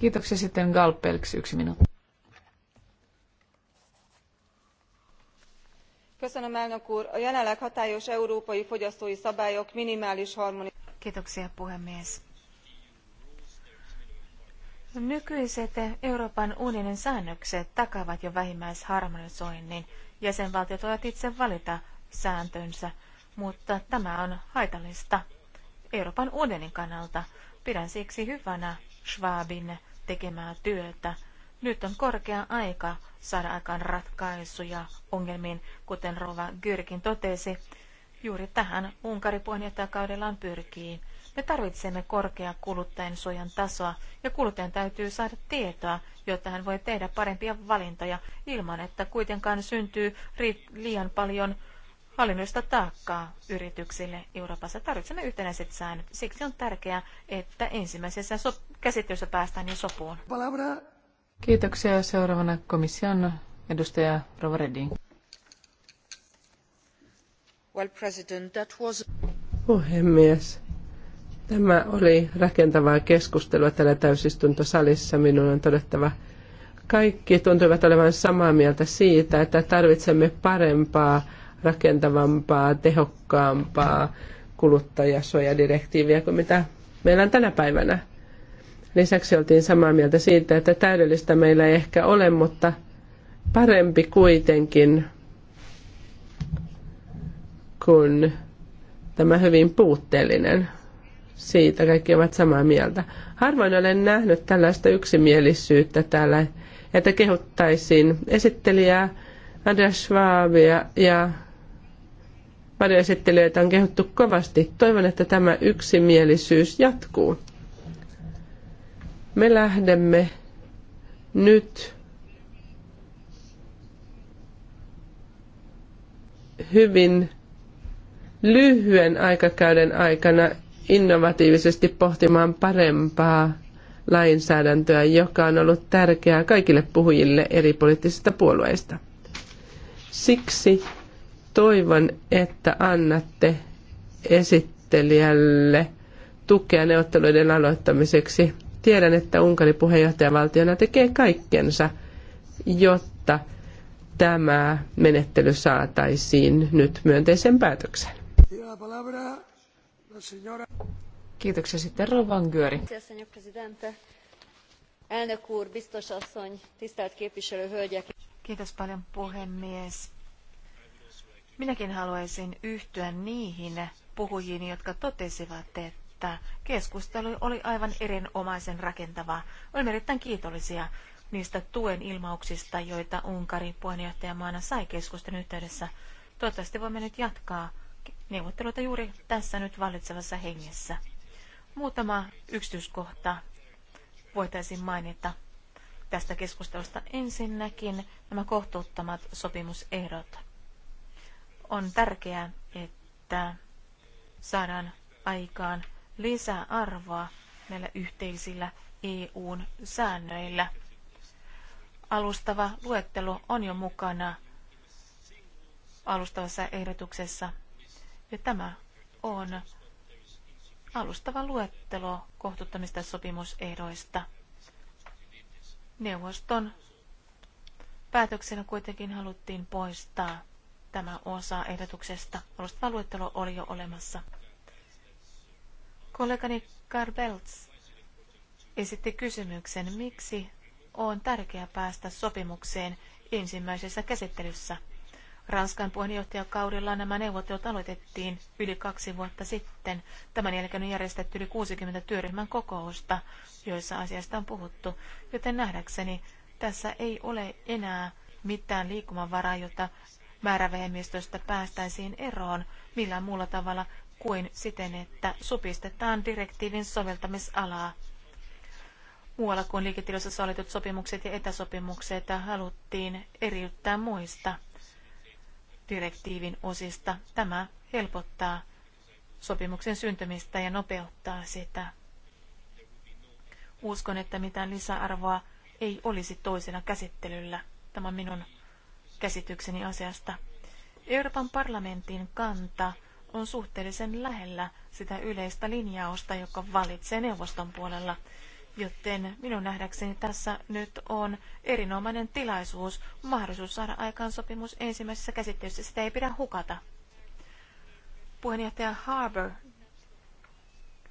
Kiitoksia sitten Galpelks, yksi minuutti. a jelenleg hatályos európai fogyasztói szabályok minimális harmonizációja. nykyiset euroopan unionin säännökset takaavat jo vähimmäisharmonisoinnin. jäsenvaltiot voivat itse valita sääntönsä mutta tämä on haitallista euroopan unionin kannalta. pidän siksi hyvänä schwabin tekemää työtä. nyt on korkea aika saada aikaan ratkaisuja ongelmiin, kuten Rova Gyrkin totesi. Juuri tähän Unkari puheenjohtajakaudellaan pyrkii. Me tarvitsemme korkeaa kuluttajan suojan tasoa ja kuluttajan täytyy saada tietoa, jotta hän voi tehdä parempia valintoja ilman, että kuitenkaan syntyy liian paljon hallinnollista taakkaa yrityksille Euroopassa. Tarvitsemme yhtenäiset säännöt. Siksi on tärkeää, että ensimmäisessä so- käsittelyssä päästään jo sopuun. Palabra Kiitoksia. Seuraavana komission edustaja Rova Redding. Well, President, that was... Puhemies, tämä oli rakentavaa keskustelua täällä täysistuntosalissa. Minun on todettava, kaikki tuntuivat olevan samaa mieltä siitä, että tarvitsemme parempaa, rakentavampaa, tehokkaampaa kuluttajasuojadirektiiviä kuin mitä meillä on tänä päivänä. Lisäksi oltiin samaa mieltä siitä, että täydellistä meillä ei ehkä ole, mutta parempi kuitenkin kuin tämä hyvin puutteellinen. Siitä kaikki ovat samaa mieltä. Harvoin olen nähnyt tällaista yksimielisyyttä täällä, että kehuttaisiin esittelijää Andreas Schwabia ja varjoesittelijöitä on kehuttu kovasti. Toivon, että tämä yksimielisyys jatkuu. Me lähdemme nyt hyvin lyhyen aikakäyden aikana innovatiivisesti pohtimaan parempaa lainsäädäntöä, joka on ollut tärkeää kaikille puhujille eri poliittisista puolueista. Siksi toivon, että annatte esittelijälle tukea neuvotteluiden aloittamiseksi Tiedän, että Unkarin puheenjohtajavaltiona tekee kaikkensa, jotta tämä menettely saataisiin nyt myönteisen päätöksen. Kiitoksia sitten Rovan Györi. Kiitos paljon puhemies. Minäkin haluaisin yhtyä niihin puhujiin, jotka totesivat, että että keskustelu oli aivan erinomaisen rakentavaa. Olemme erittäin kiitollisia niistä tuen ilmauksista, joita Unkari puheenjohtajamaana sai keskustelun yhteydessä. Toivottavasti voimme nyt jatkaa neuvotteluita juuri tässä nyt vallitsevassa hengessä. Muutama yksityiskohta voitaisiin mainita tästä keskustelusta. Ensinnäkin nämä kohtuuttomat sopimusehdot. On tärkeää, että saadaan aikaan lisää arvoa näillä yhteisillä EUn säännöillä. Alustava luettelo on jo mukana alustavassa ehdotuksessa. Ja tämä on alustava luettelo kohtuuttamista sopimusehdoista. Neuvoston päätöksenä kuitenkin haluttiin poistaa tämä osa ehdotuksesta. Alustava luettelo oli jo olemassa. Kollegani Karl Belts esitti kysymyksen, miksi on tärkeää päästä sopimukseen ensimmäisessä käsittelyssä. Ranskan puheenjohtajakaudella nämä neuvottelut aloitettiin yli kaksi vuotta sitten. Tämän jälkeen on järjestetty yli 60 työryhmän kokousta, joissa asiasta on puhuttu, joten nähdäkseni tässä ei ole enää mitään liikkumavaraa, jota määrävähemmistöstä päästäisiin eroon millään muulla tavalla kuin siten, että supistetaan direktiivin soveltamisalaa. Muualla kuin liiketiloissa sallitut sopimukset ja etäsopimukset haluttiin eriyttää muista direktiivin osista. Tämä helpottaa sopimuksen syntymistä ja nopeuttaa sitä. Uskon, että mitään lisäarvoa ei olisi toisena käsittelyllä. Tämä on minun käsitykseni asiasta. Euroopan parlamentin kanta on suhteellisen lähellä sitä yleistä linjausta, joka valitsee neuvoston puolella. Joten minun nähdäkseni tässä nyt on erinomainen tilaisuus, mahdollisuus saada aikaan sopimus ensimmäisessä käsittelyssä. Sitä ei pidä hukata. Puheenjohtaja Harbour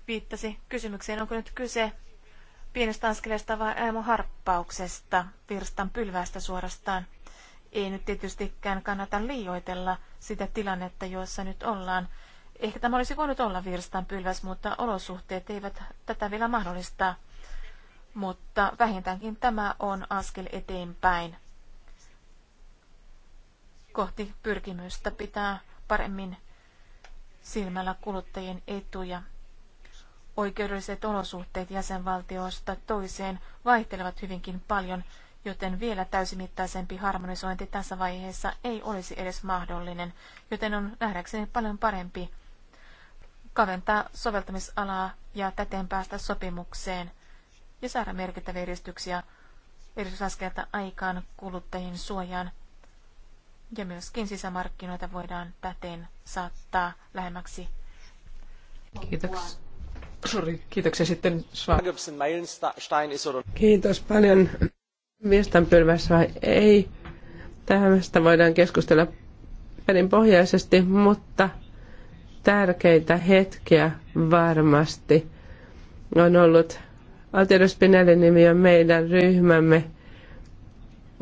viittasi kysymykseen, onko nyt kyse pienestä askeleesta vai äämoharppauksesta, virstan pylvästä suorastaan. Ei nyt tietystikään kannata liioitella sitä tilannetta, jossa nyt ollaan. Ehkä tämä olisi voinut olla pylväs, mutta olosuhteet eivät tätä vielä mahdollista. Mutta vähintäänkin tämä on askel eteenpäin kohti pyrkimystä pitää paremmin silmällä kuluttajien etuja. Oikeudelliset olosuhteet jäsenvaltioista toiseen vaihtelevat hyvinkin paljon joten vielä täysimittaisempi harmonisointi tässä vaiheessa ei olisi edes mahdollinen, joten on nähdäkseni paljon parempi kaventaa soveltamisalaa ja täten päästä sopimukseen ja saada merkittäviä edistyksiä edistysaskelta aikaan kuluttajien suojaan. Ja myöskin sisämarkkinoita voidaan täten saattaa lähemmäksi. Kiitoksia. Sorry, kiitoksia sitten. Er- Kiitos paljon pylväs vai ei? Tästä voidaan keskustella perinpohjaisesti, mutta tärkeitä hetkiä varmasti on ollut. Altiero Spinellin nimi on meidän ryhmämme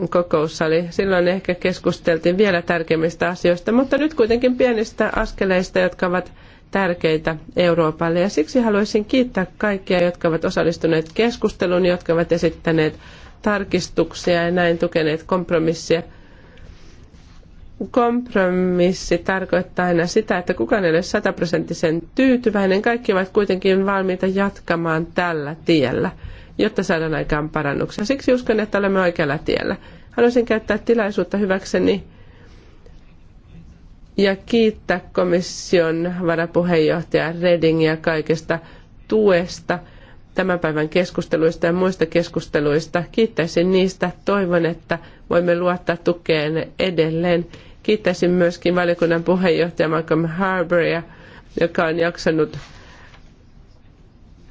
kokoussali. Silloin ehkä keskusteltiin vielä tärkeimmistä asioista, mutta nyt kuitenkin pienistä askeleista, jotka ovat tärkeitä Euroopalle. Ja siksi haluaisin kiittää kaikkia, jotka ovat osallistuneet keskusteluun, jotka ovat esittäneet tarkistuksia ja näin tukeneet kompromissia. Kompromissi tarkoittaa aina sitä, että kukaan ei ole sataprosenttisen tyytyväinen. Kaikki ovat kuitenkin valmiita jatkamaan tällä tiellä, jotta saadaan aikaan parannuksia. Siksi uskon, että olemme oikealla tiellä. Haluaisin käyttää tilaisuutta hyväkseni ja kiittää komission varapuheenjohtaja Redingia kaikesta tuesta – tämän päivän keskusteluista ja muista keskusteluista. Kiittäisin niistä. Toivon, että voimme luottaa tukeen edelleen. Kiittäisin myöskin valiokunnan puheenjohtaja Malcolm Harbouria, joka on jaksanut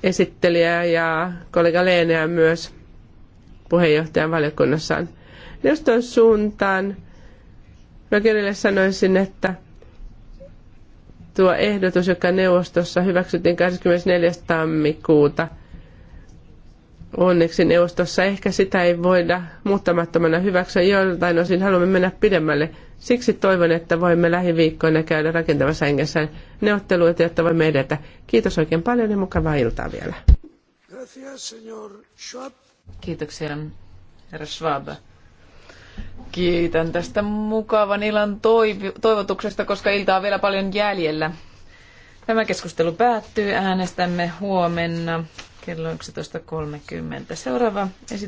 esittelijää ja kollega Leeneä myös puheenjohtajan valiokunnassaan. Neuvoston suuntaan Rogerille sanoisin, että tuo ehdotus, joka neuvostossa hyväksyttiin 24. tammikuuta – onneksi neuvostossa. Ehkä sitä ei voida muuttamattomana hyväksyä. Joiltain osin haluamme mennä pidemmälle. Siksi toivon, että voimme lähiviikkoina käydä rakentavassa hengessä neuvotteluita, jotta voimme edetä. Kiitos oikein paljon ja mukavaa iltaa vielä. Kiitoksia, herra Schwab. Kiitän tästä mukavan toiv toivotuksesta, koska ilta on vielä paljon jäljellä. Tämä keskustelu päättyy. Äänestämme huomenna kello 11.30. Seuraava